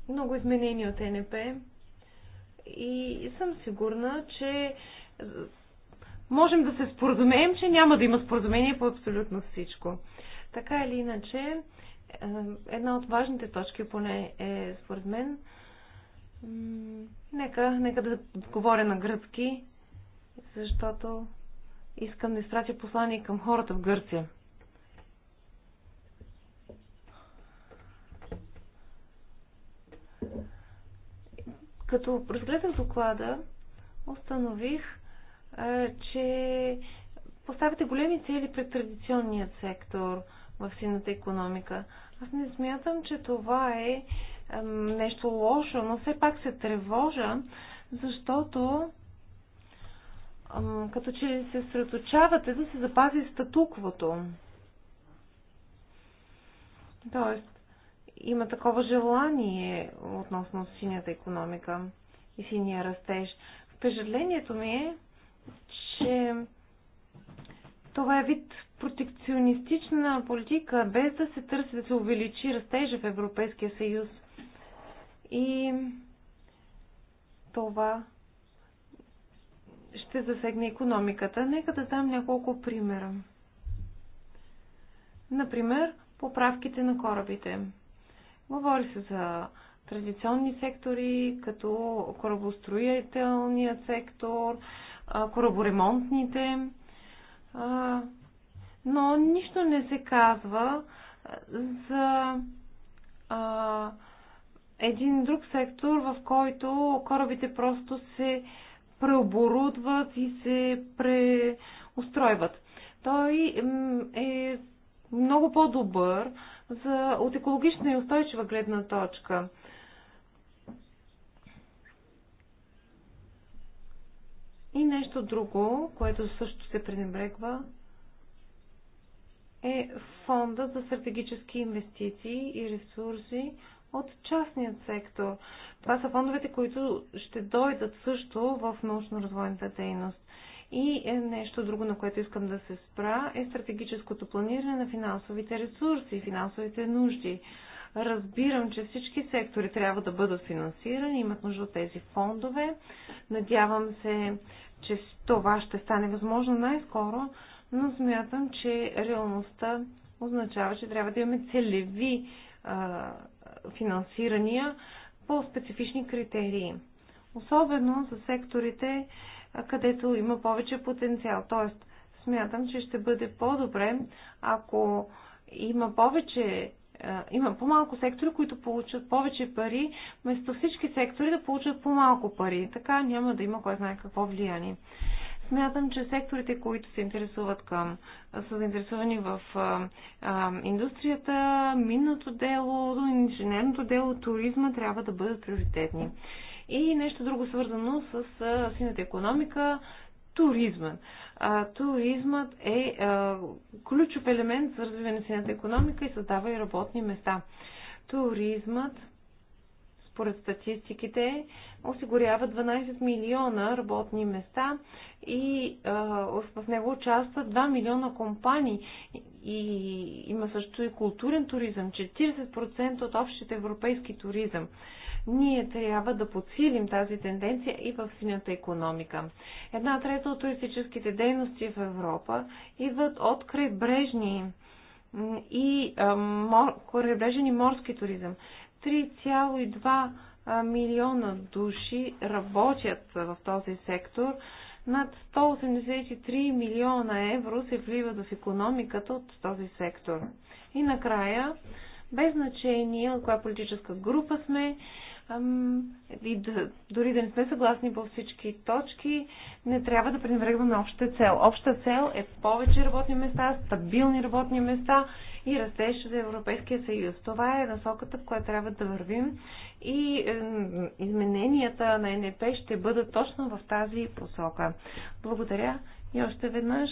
B: много изменения от НП и съм сигурна, че можем да се споразумеем, че няма да има споразумение по абсолютно всичко. Така или иначе, е, една от важните точки поне е според мен. Нека, нека да говоря на гръцки, защото искам да изпратя послание към хората в Гърция. Като разгледах доклада, установих, че поставяте големи цели пред традиционния сектор в сината економика. Аз не смятам, че това е нещо лошо, но все пак се тревожа, защото като че се средочавате да се запази статуквото. Тоест, има такова желание относно синята економика и синия растеж. Впечатлението ми е, че това е вид протекционистична политика, без да се търси да се увеличи растежа в Европейския съюз. И това ще засегне економиката. Нека да дам няколко примера. Например, поправките на корабите. Говори се за традиционни сектори, като корабостроителният сектор, кораборемонтните, но нищо не се казва за един друг сектор, в който корабите просто се преоборудват и се преустройват. Той е много по-добър за, от екологична и устойчива гледна точка. И нещо друго, което също се пренебрегва, е фонда за стратегически инвестиции и ресурси от частният сектор. Това са фондовете, които ще дойдат също в научно-развойната дейност. И е, нещо друго, на което искам да се спра, е стратегическото планиране на финансовите ресурси и финансовите нужди. Разбирам, че всички сектори трябва да бъдат финансирани, имат нужда от тези фондове. Надявам се, че това ще стане възможно най-скоро, но смятам, че реалността означава, че трябва да имаме целеви а, финансирания по специфични критерии. Особено за секторите, където има повече потенциал. Тоест, смятам, че ще бъде по-добре, ако има повече е, има по-малко сектори, които получат повече пари, вместо всички сектори да получат по-малко пари. Така няма да има кой знае какво влияние. Смятам, че секторите, които се интересуват към, са заинтересовани в а, е, а, е, индустрията, минното дело, инженерното дело, туризма, трябва да бъдат приоритетни и нещо друго свързано с сината економика, туризма. А, туризмът е а, ключов елемент за развиване на сината економика и създава и работни места. Туризмът, според статистиките, осигурява 12 милиона работни места и а, в него участват 2 милиона компании. И има също и културен туризъм, 40% от общите европейски туризъм. А, ние трябва да подсилим тази тенденция и в синята економика. Една трета от туристическите дейности в Европа идват от крайбрежни и крайбрежен и морски туризъм. 3,2 милиона души работят в този сектор. Над 183 милиона евро се вливат в економиката от този сектор. И накрая, без значение от коя политическа група сме, и да, дори да не сме съгласни по всички точки, не трябва да пренебрегваме обща цел. Обща цел е повече работни места, стабилни работни места и растеж за Европейския съюз. Това е насоката, в която трябва да вървим и измененията на НП ще бъдат точно в тази посока. Благодаря и още веднъж.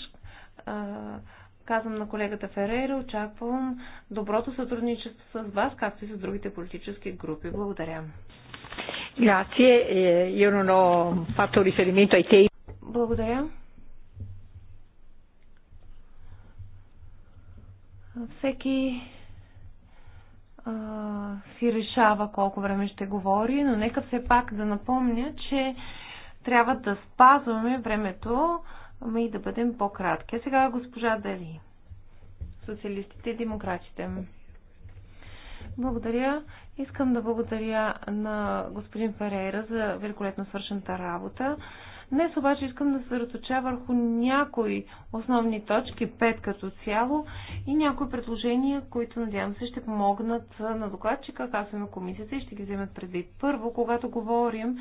B: Казвам на колегата Ферейра, очаквам доброто сътрудничество с вас, както и с другите политически групи. Благодаря. Grazie, eh, io non ho
D: fatto riferimento ai
B: Благодаря. Всеки а, си решава колко време ще говори, но нека все пак да напомня, че трябва да спазваме времето, Ами и да бъдем по-кратки. А сега госпожа Дали, социалистите и демократите. Благодаря. Искам да благодаря на господин Ферейра за великолепно свършената работа. Днес обаче искам да се разточа върху някои основни точки, пет като цяло, и някои предложения, които надявам се ще помогнат на докладчика, както на комисията и ще ги вземат предвид. Първо, когато говорим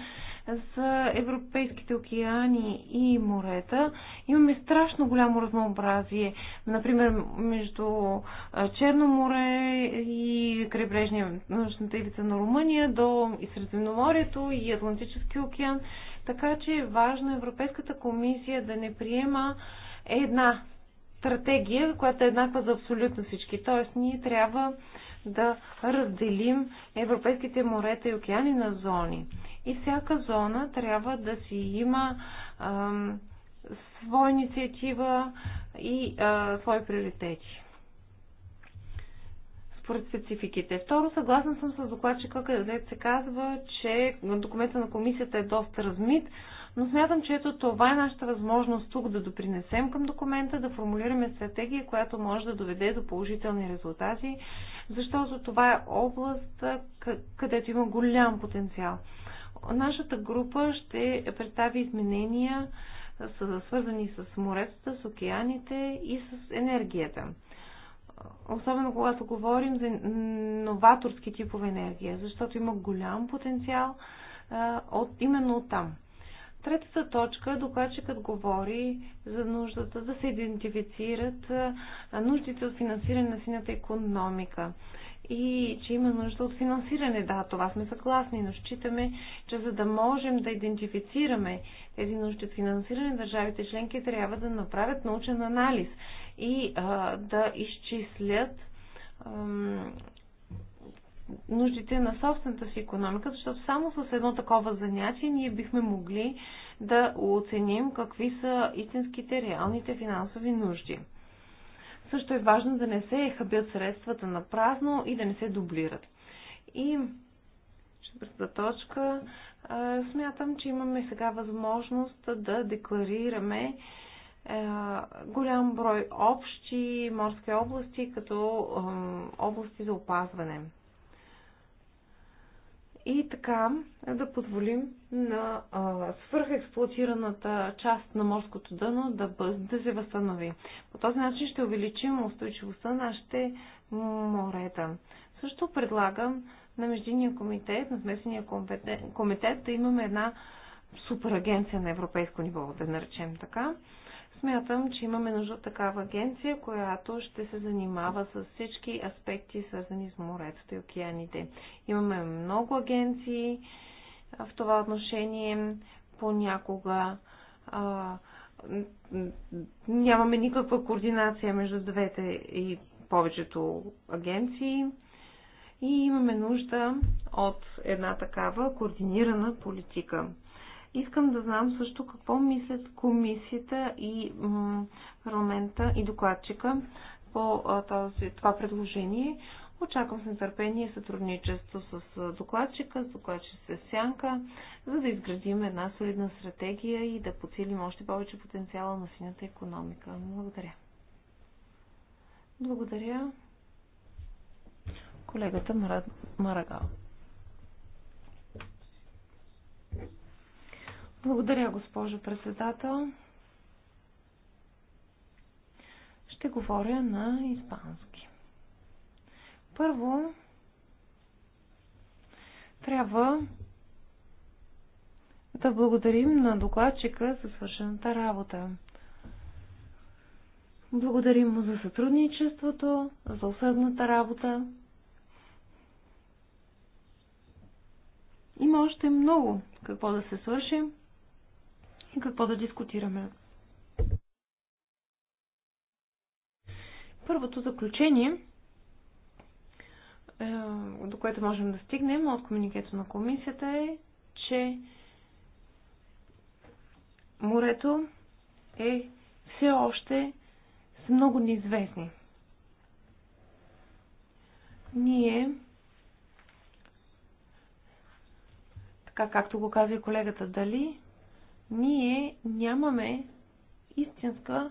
B: за европейските океани и морета, имаме страшно голямо разнообразие. Например, между Черно море и крайбрежния, научната ивица на Румъния до и Средиземноморието и Атлантически океан. Така че е важно Европейската комисия да не приема една стратегия, която е еднаква за абсолютно всички. Тоест, ние трябва да разделим европейските морета и океани на зони. И всяка зона трябва да си има своя инициатива и а, свои приоритети според спецификите. Второ, съгласна съм с докладчика, където се казва, че документа на комисията е доста размит, но смятам, че ето това е нашата възможност тук да допринесем към документа, да формулираме стратегия, която може да доведе до положителни резултати, защото това е област, където има голям потенциал. Нашата група ще представи изменения, свързани с морецата, с океаните и с енергията особено когато говорим за новаторски типове енергия, защото има голям потенциал а, от, именно от там. Третата точка, е докладчикът говори за нуждата да се идентифицират нуждите от финансиране на синята економика и че има нужда от финансиране. Да, това сме съгласни, но считаме, че за да можем да идентифицираме тези нужди от финансиране, държавите членки трябва да направят научен анализ и а, да изчислят а, нуждите на собствената си економика, защото само с едно такова занятие ние бихме могли да оценим какви са истинските, реалните финансови нужди. Също е важно да не се хабят средствата на празно и да не се дублират. И четвърта точка, смятам, че имаме сега възможност да декларираме е, голям брой общи морски области, като е, области за опазване. И така да позволим на е, свърхексплуатираната част на морското дъно да, да се възстанови. По този начин ще увеличим устойчивостта на нашите морета. Също предлагам на Междинния комитет, на Смесения комитет да имаме една суперагенция на европейско ниво, да наречем така, Смятам, че имаме нужда от такава агенция, която ще се занимава с всички аспекти, свързани с морето и океаните. Имаме много агенции в това отношение. Понякога а, нямаме никаква координация между двете и повечето агенции. И имаме нужда от една такава координирана политика. Искам да знам също какво мислят комисията и парламента и докладчика по този, това предложение. Очаквам с нетърпение сътрудничество с докладчика, с докладчица Сянка, за да изградим една солидна стратегия и да подсилим още повече потенциала на синята економика. Благодаря. Благодаря. Колегата Марагал. Благодаря, госпожо председател. Ще говоря на испански. Първо, трябва да благодарим на докладчика за свършената работа. Благодарим му за сътрудничеството, за усъдната работа. Има още много какво да се свършим и какво да дискутираме. Първото заключение, е, до което можем да стигнем от комуникето на комисията е, че морето е все още с много неизвестни. Ние, така както го каза и колегата Дали, ние нямаме истинска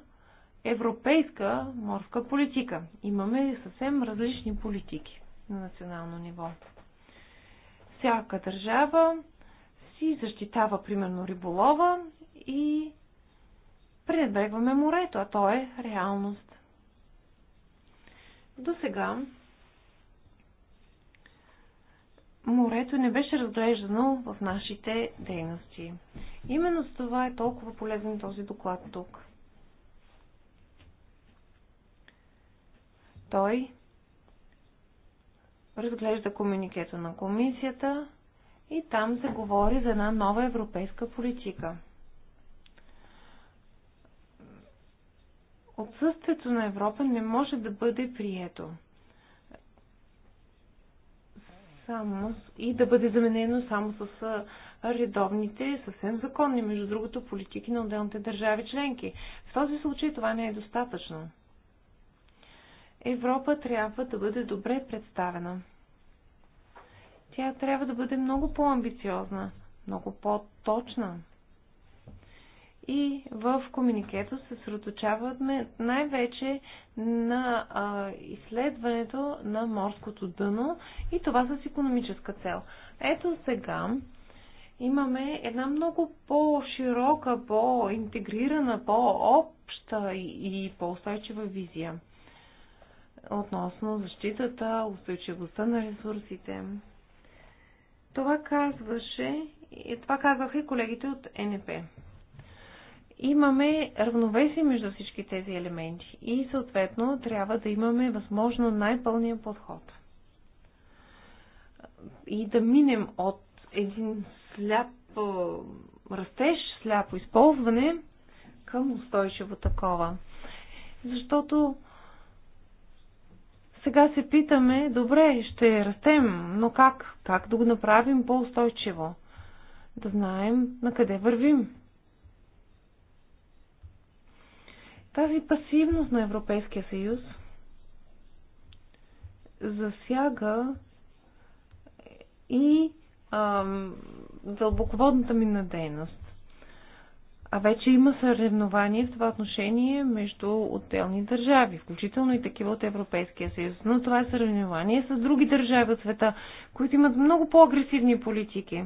B: европейска морска политика. Имаме съвсем различни политики на национално ниво. Всяка държава си защитава, примерно, риболова и пренебрегваме морето, а то е реалност. До сега морето не беше разглеждано в нашите дейности. Именно с това е толкова полезен този доклад тук. Той разглежда комуникето на комисията и там се говори за една нова европейска политика. Отсъствието на Европа не може да бъде прието само и да бъде заменено само с редовните, съвсем законни, между другото, политики на отделните държави членки. В този случай това не е достатъчно. Европа трябва да бъде добре представена. Тя трябва да бъде много по-амбициозна, много по-точна и в комуникето се сръточаваме най-вече на а, изследването на морското дъно и това с економическа цел. Ето сега имаме една много по-широка, по-интегрирана, по-обща и, и по-устойчива визия относно защитата, устойчивостта на ресурсите. Това казваше, това казваха и колегите от НП имаме равновесие между всички тези елементи и съответно трябва да имаме възможно най-пълния подход. И да минем от един сляп растеж, сляпо използване към устойчиво такова. Защото сега се питаме, добре, ще растем, но как? Как да го направим по-устойчиво? Да знаем на къде вървим Тази пасивност на Европейския съюз засяга и ам, дълбоководната ми надейност. А вече има съревнование в това отношение между отделни държави, включително и такива от Европейския съюз. Но това е съревнование с други държави от света, които имат много по-агресивни политики.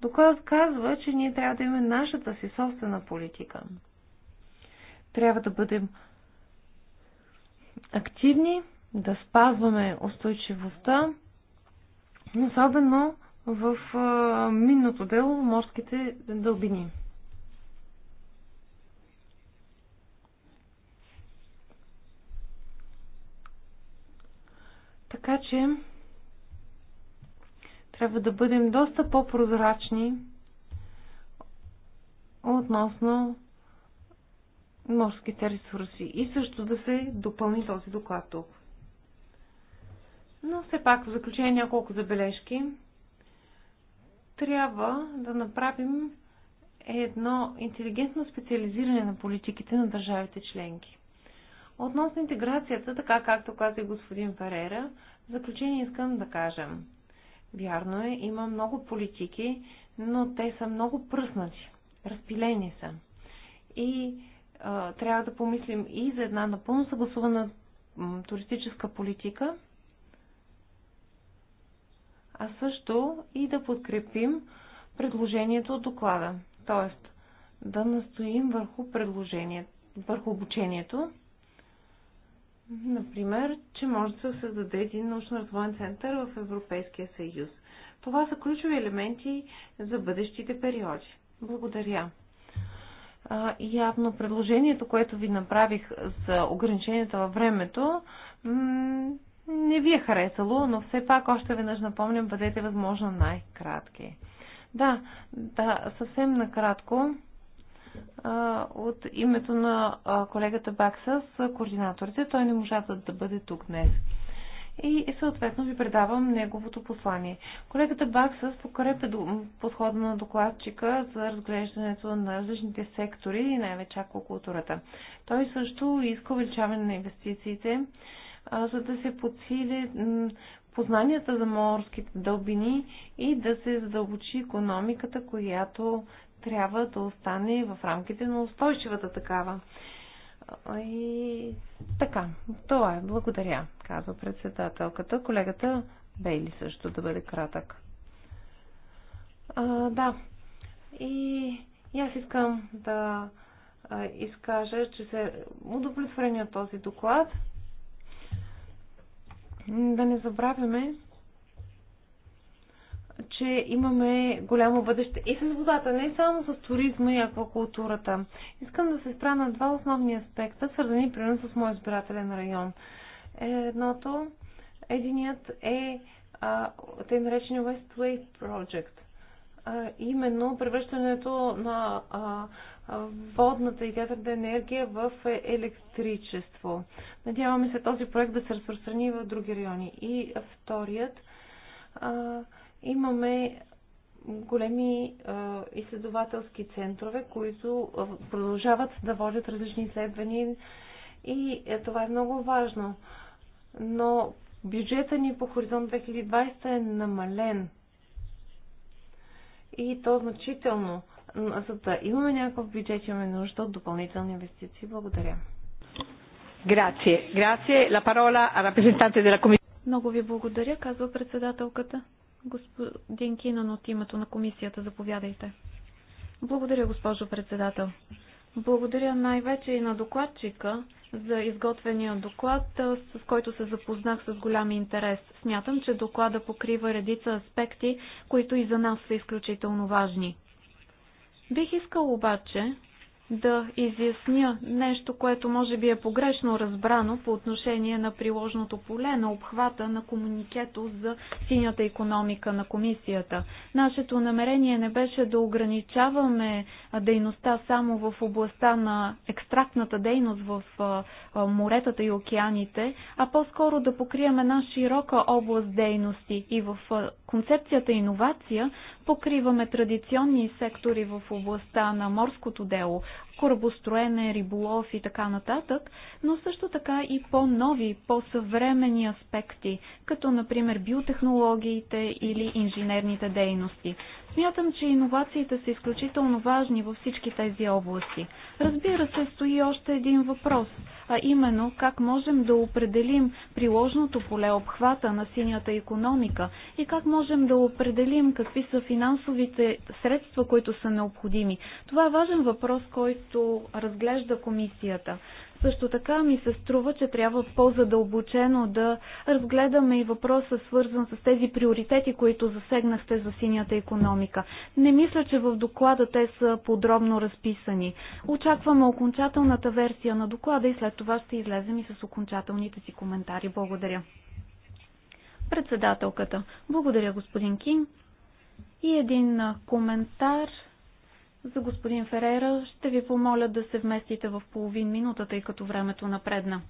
B: Докладът казва, че ние трябва да имаме нашата си собствена политика. Трябва да бъдем активни, да спазваме устойчивостта, особено в минното дело в морските дълбини. Така че трябва да бъдем доста по-прозрачни относно морските ресурси и също да се допълни този доклад тук. Но все пак в заключение няколко забележки. Трябва да направим едно интелигентно специализиране на политиките на държавите членки. Относно интеграцията, така както каза и господин Ферера, в заключение искам да кажем. Вярно е, има много политики, но те са много пръснати, разпилени са. И трябва да помислим и за една напълно съгласувана туристическа политика, а също и да подкрепим предложението от доклада. Тоест, да настоим върху предложението, върху обучението. Например, че може да се създаде един научно-развоен център в Европейския съюз. Това са ключови елементи за бъдещите периоди. Благодаря а, явно предложението, което ви направих за ограниченията във времето, не ви е харесало, но все пак още веднъж напомням, бъдете възможно най-кратки. Да, да, съвсем накратко. От името на колегата Баксас, координаторите, той не можа да бъде тук днес и съответно ви предавам неговото послание. Колегата Баксас покрепя подхода на докладчика за разглеждането на различните сектори и най-вече аквакултурата. Той също иска увеличаване на инвестициите, за да се подсили познанията за морските дълбини и да се задълбочи економиката, която трябва да остане в рамките на устойчивата такава. И така, това е. Благодаря, казва председателката. Колегата Бейли също да бъде кратък. А, да. И, и аз искам да а, изкажа, че се удовлетворени от този доклад. Да не забравяме, че имаме голямо бъдеще и с водата, не само с туризма и аквакултурата. Искам да се спра на два основни аспекта, свързани примерно с моят избирателен район. Едното, единият е те наречени West Way Project. А, именно превръщането на а, водната и вятърна енергия в електричество. Надяваме се този проект да се разпространи в други райони. И вторият а, Имаме големи а, изследователски центрове, които продължават да водят различни изследвания и е, това е много важно. Но бюджета ни по Хоризонт 2020 е намален. И то значително. За да имаме някакъв бюджет, имаме нужда от допълнителни инвестиции. Благодаря.
D: Грация. Грация. La parola al rappresentante Много ви благодаря, казва председателката. Господин Кинан от името на комисията, заповядайте. Благодаря, госпожо председател. Благодаря най-вече и на докладчика за изготвения доклад, с който се запознах с голям интерес. Смятам, че доклада покрива редица аспекти, които и за нас са изключително важни. Бих искал обаче да изясня нещо, което може би е погрешно разбрано по отношение на приложното поле на обхвата на комуникето за синята економика на комисията. Нашето намерение не беше да ограничаваме дейността само в областта на екстрактната дейност в моретата и океаните, а по-скоро да покрием една широка област дейности и в концепцията иновация покриваме традиционни сектори в областта на морското дело, корабостроене, риболов и така нататък, но също така и по-нови, по-съвремени аспекти, като например биотехнологиите или инженерните дейности. Смятам, че иновациите са изключително важни във всички тези области. Разбира се, стои още един въпрос, а именно как можем да определим приложното поле обхвата на синята економика и как можем да определим какви са финансовите средства, които са необходими. Това е важен въпрос, който които разглежда комисията. Също така ми се струва, че трябва по-задълбочено да разгледаме и въпроса свързан с тези приоритети, които засегнахте за синята економика. Не мисля, че в доклада те са подробно разписани. Очакваме окончателната версия на доклада и след това ще излезем и с окончателните си коментари. Благодаря. Председателката. Благодаря, господин Кинг. И един коментар за господин Ферера ще ви помоля да се вместите в половин минута, тъй като времето напредна.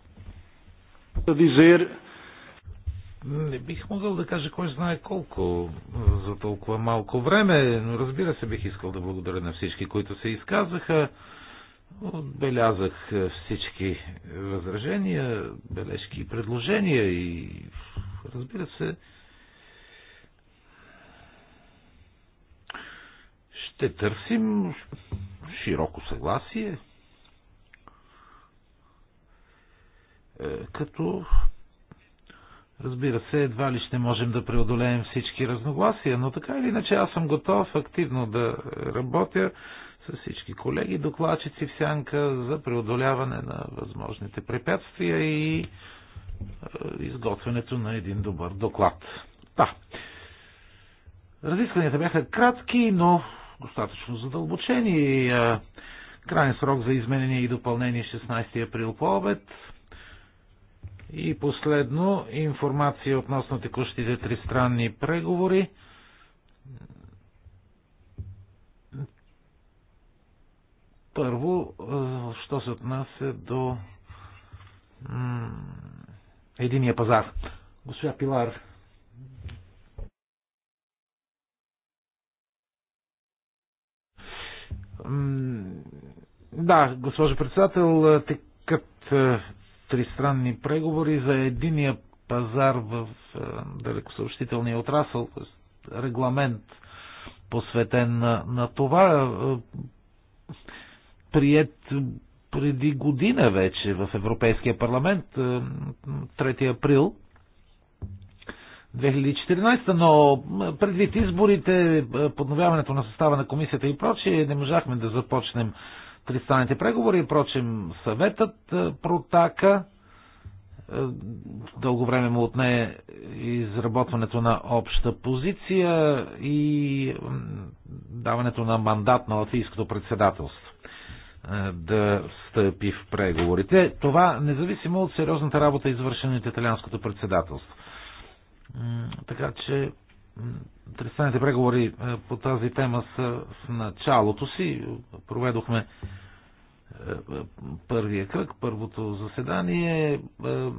E: Не бих могъл да кажа кой знае колко за толкова малко време, но разбира се бих искал да благодаря на всички, които се изказаха. Отбелязах всички възражения, бележки и предложения и разбира се, ще търсим широко съгласие, е, като разбира се, едва ли ще можем да преодолеем всички разногласия, но така или иначе аз съм готов активно да работя с всички колеги, докладчици в сянка за преодоляване на възможните препятствия и е, изготвянето на един добър доклад. Да. Разискванията бяха кратки, но достатъчно задълбочени. И, крайен срок за изменение и допълнение 16 е април по обед. И последно, информация относно текущите тристранни преговори. Първо, що се отнася до единия пазар. Госпожа Пилар, Да, госпожо председател, текат е, тристранни преговори за единия пазар в е, далекосъобщителния отрасъл, регламент посветен на, на това, е, прият преди година вече в Европейския парламент, 3 април 2014, но предвид изборите, подновяването на състава на комисията и прочие, не можахме да започнем тристранните преговори. прочим съветът протака. Дълго време му отне изработването на обща позиция и даването на мандат на латвийското председателство е, да встъпи в преговорите. Това независимо от сериозната работа, извършена от италианското председателство. Така че тристранните преговори е, по тази тема са в началото си. Проведохме е, първия кръг, първото заседание е,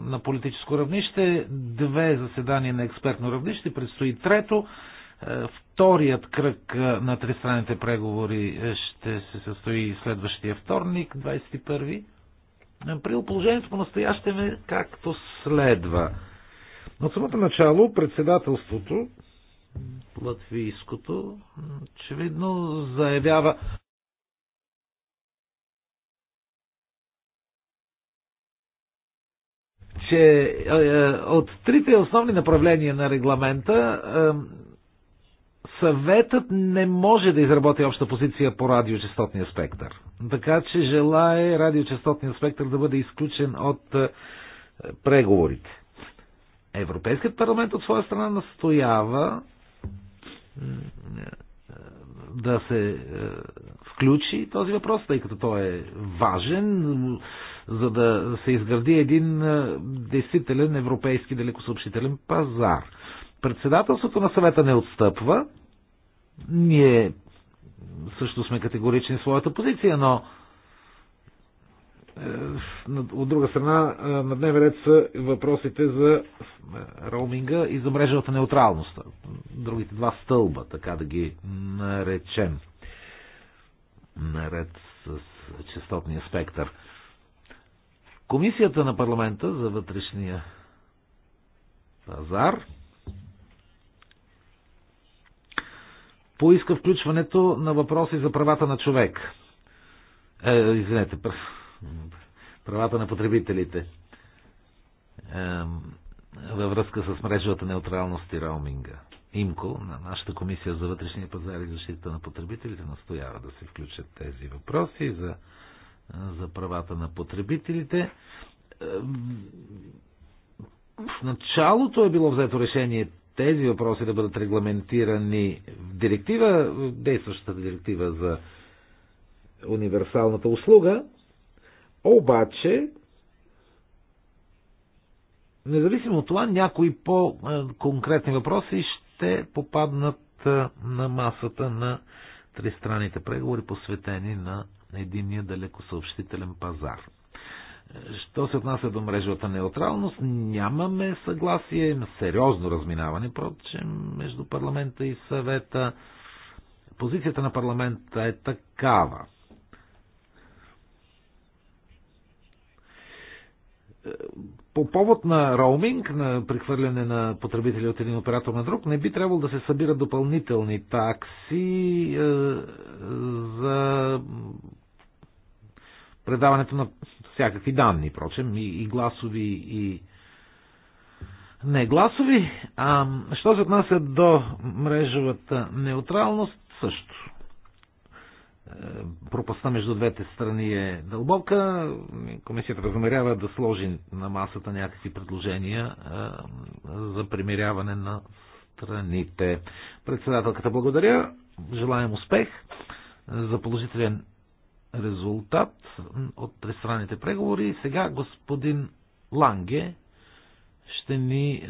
E: на политическо равнище, две заседания на експертно равнище, предстои трето. Вторият кръг на тристранните преговори ще се състои следващия вторник, 21 При Положението по настоящеме, както следва. От самото начало председателството, латвийското, очевидно заявява че е, е, от трите основни направления на регламента е, съветът не може да изработи обща позиция по радиочастотния спектър. Така че желая радиочастотния спектър да бъде изключен от преговорите. Европейският парламент от своя страна настоява да се е, включи този въпрос, тъй като той е важен, за да се изгради един е, действителен европейски далекосъобщителен пазар. Председателството на съвета не отстъпва. Ние също сме категорични в своята позиция, но от друга страна, е, на дневен ред са въпросите за е, роуминга и за мрежевата неутралност. Другите два стълба, така да ги наречем. Наред с частотния спектър. Комисията на парламента за вътрешния пазар поиска включването на въпроси за правата на човек. Е, извинете, правата на потребителите във връзка с мрежовата неутралност и роуминга. ИМКО, на нашата комисия за вътрешния пазар и защита на потребителите, настоява да се включат тези въпроси за, за правата на потребителите. В началото е било взето решение тези въпроси да бъдат регламентирани в директива, действащата директива за универсалната услуга, обаче, независимо от това, някои по-конкретни въпроси ще попаднат на масата на тристранните преговори, посветени на единния далекосъобщителен пазар. Що се отнася до мрежовата неутралност, нямаме съгласие, има сериозно разминаване, проче между парламента и съвета. Позицията на парламента е такава. по повод на роуминг, на прехвърляне на потребители от един оператор на друг, не би трябвало да се събират допълнителни такси е, за предаването на всякакви данни, прочем, и, и гласови, и не гласови. А, що се отнася до мрежовата неутралност, също пропаста между двете страни е дълбока. Комисията възмерява да сложи на масата някакви предложения за примиряване на страните. Председателката благодаря. Желаем успех за положителен резултат от тристранните преговори. Сега господин Ланге ще ни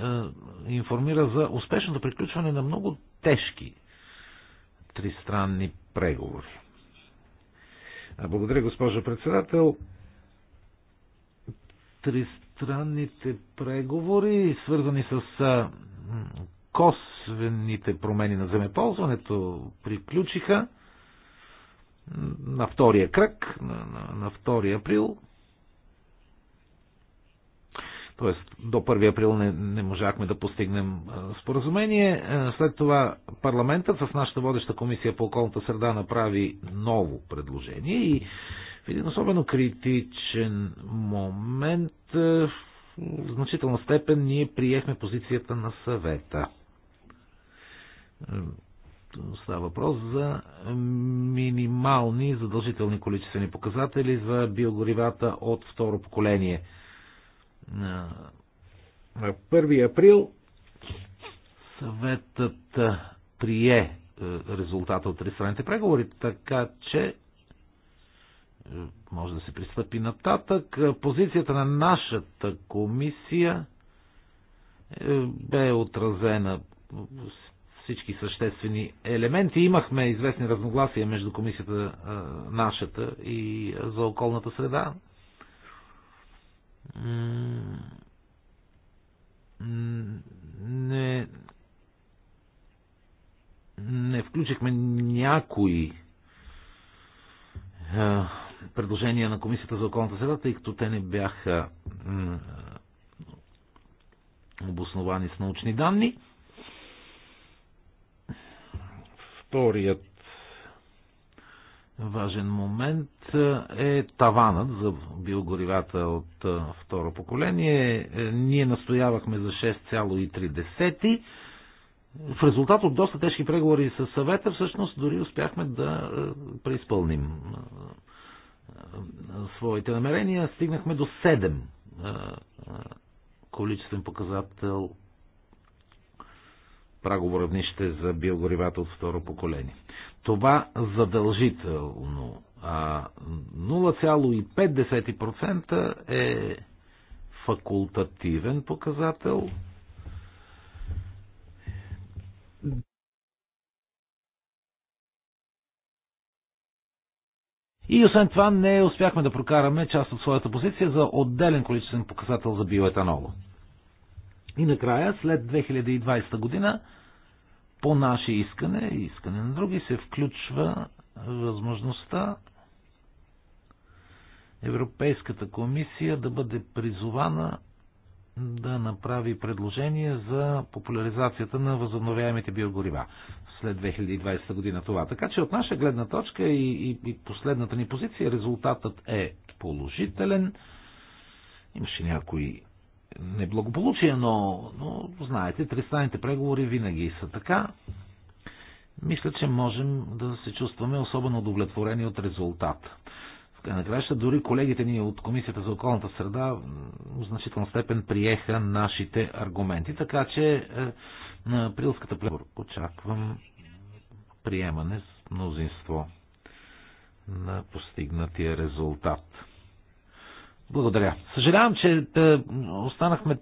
E: информира за успешното приключване на много тежки тристранни преговори. Благодаря, госпожо председател. Тристранните преговори, свързани с косвените промени на земеползването, приключиха на втория кръг, на, на, на 2 април Тоест, до 1 април не, не можахме да постигнем споразумение. След това парламентът с нашата водеща комисия по околната среда направи ново предложение и в един особено критичен момент в значителна степен ние приехме позицията на съвета. Става въпрос за минимални задължителни количествени показатели за биогоривата от второ поколение – на 1 април съветът прие е, резултата от тристранните преговори, така че е, може да се пристъпи нататък. Позицията на нашата комисия е, бе отразена всички съществени елементи. Имахме известни разногласия между комисията нашата и за околната среда не, не включихме някои предложения на Комисията за околната среда, тъй като те не бяха обосновани с научни данни. Вторият важен момент е таванът за биогоривата от второ поколение. Е, ние настоявахме за 6,3. В резултат от доста тежки преговори с съвета, всъщност дори успяхме да преизпълним своите намерения. Стигнахме до 7 количествен показател прагово равнище за биогоривата от второ поколение. Това задължително. А 0,5% е факултативен показател. И освен това не успяхме да прокараме част от своята позиция за отделен количествен показател за биоетанола. И накрая, след 2020 година, по наше искане и искане на други се включва възможността Европейската комисия да бъде призована да направи предложение за популяризацията на възобновяемите биогорива след 2020 година това. Така че от наша гледна точка и, и, и последната ни позиция резултатът е положителен. Имаше някои неблагополучие, но, но знаете, тристранните преговори винаги са така. Мисля, че можем да се чувстваме особено удовлетворени от резултата. В крайна краща, дори колегите ни от Комисията за околната среда в значителна степен приеха нашите аргументи. Така че е, на априлската плебор очаквам приемане с мнозинство на постигнатия резултат. Благодаря. Съжалявам, че е, останахме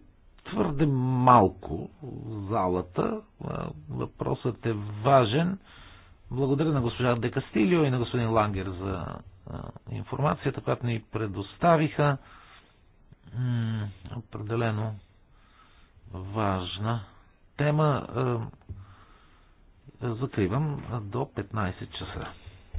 E: твърде малко в залата. Е, въпросът е важен. Благодаря на госпожа Декастилио и на господин Лангер за е, информацията, която ни предоставиха. Определено важна тема. Закривам до 15 часа.